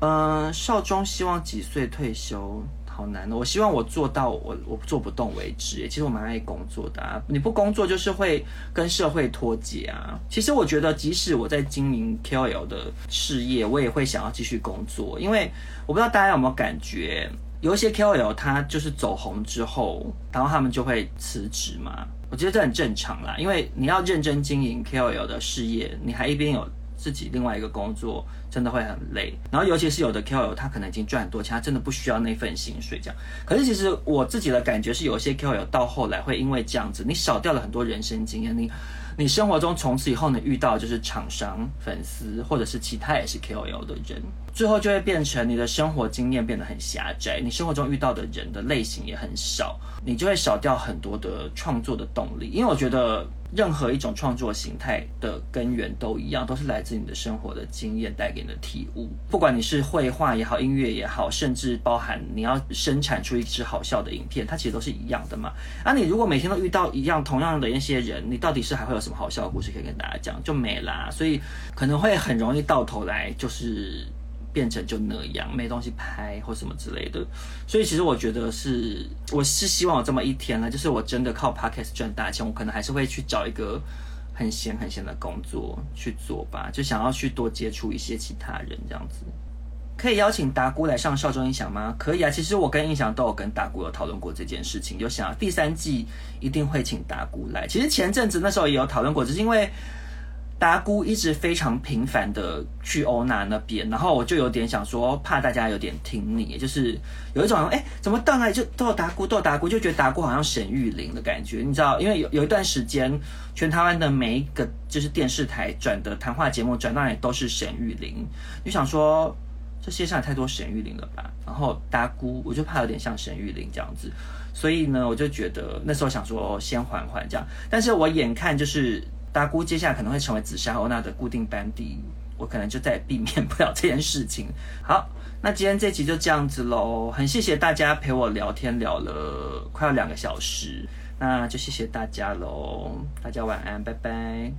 嗯、呃，劭中希望幾歲退休？好難的、哦。我希望我做到我我做不動為止、欸。其實我蠻愛工作的、啊，你不工作就是會跟社會脫節啊。其實我覺得，即使我在經營 KOL 的事業，我也會想要繼續工作，因為我不知道大家有沒有感覺。有一些 KOL 他就是走紅之後，然後他們就會辭職嘛，我覺得這很正常啦，因為你要認真經營 KOL 的事業，你還一邊有自己另外一個工作，真的會很累。然後尤其是有的 KOL 他可能已經賺很多錢，他真的不需要那份薪水這樣。可是其實我自己的感覺是，有些 KOL 到後來會因為這樣子，你少掉了很多人生經驗，你。你生活中從此以後，你遇到就是廠商、粉絲，或者是其他也是 KOL 的人，最後就會變成你的生活經驗變得很狹窄，你生活中遇到的人的類型也很少，你就會少掉很多的創作的動力。因為我覺得。任何一種創作形態的根源都一樣，都是來自你的生活的經驗帶給你的體悟。不管你是繪畫也好，音樂也好，甚至包含你要生產出一支好笑的影片，它其實都是一樣的嘛。啊，你如果每天都遇到一樣同樣的那些人，你到底是還會有什麼好笑的故事可以跟大家講？就沒啦。所以可能會很容易到頭來就是。變成就那樣，沒東西拍或什麼之類的，所以其實我覺得是，我是希望有這麼一天呢，就是我真的靠 podcast 賺大錢，我可能還是會去找一個很閒很閒的工作去做吧，就想要去多接觸一些其他人這樣子。可以邀請大姑來上劭中胤翔嗎？可以啊，其實我跟胤翔都有跟大姑有討論過這件事情，就想第三季一定會請大姑來。其實前陣子那時候也有討論過，只是因為。達姑一直非常頻繁的去歐娜那邊，然後我就有點想說，怕大家有點聽你，就是有一種哎、欸，怎麼到那裡就到達姑，到達姑就覺得達姑好像沈玉琳的感覺，你知道，因為有有一段時間，全台灣的每一個就是電視台轉的談話節目轉到那都是沈玉琳，就想說這世界上太多沈玉琳了吧，然後達姑我就怕有點像沈玉琳這樣子，所以呢，我就覺得那時候想說先緩緩這樣，但是我眼看就是。大姑，接下來可能會成為紫砂歐娜的固定班底，我可能就再也避免不了這件事情。好，那今天這集就這樣子嘍，很謝謝大家陪我聊天聊了快要兩個小時，那就謝謝大家嘍，大家晚安，拜拜。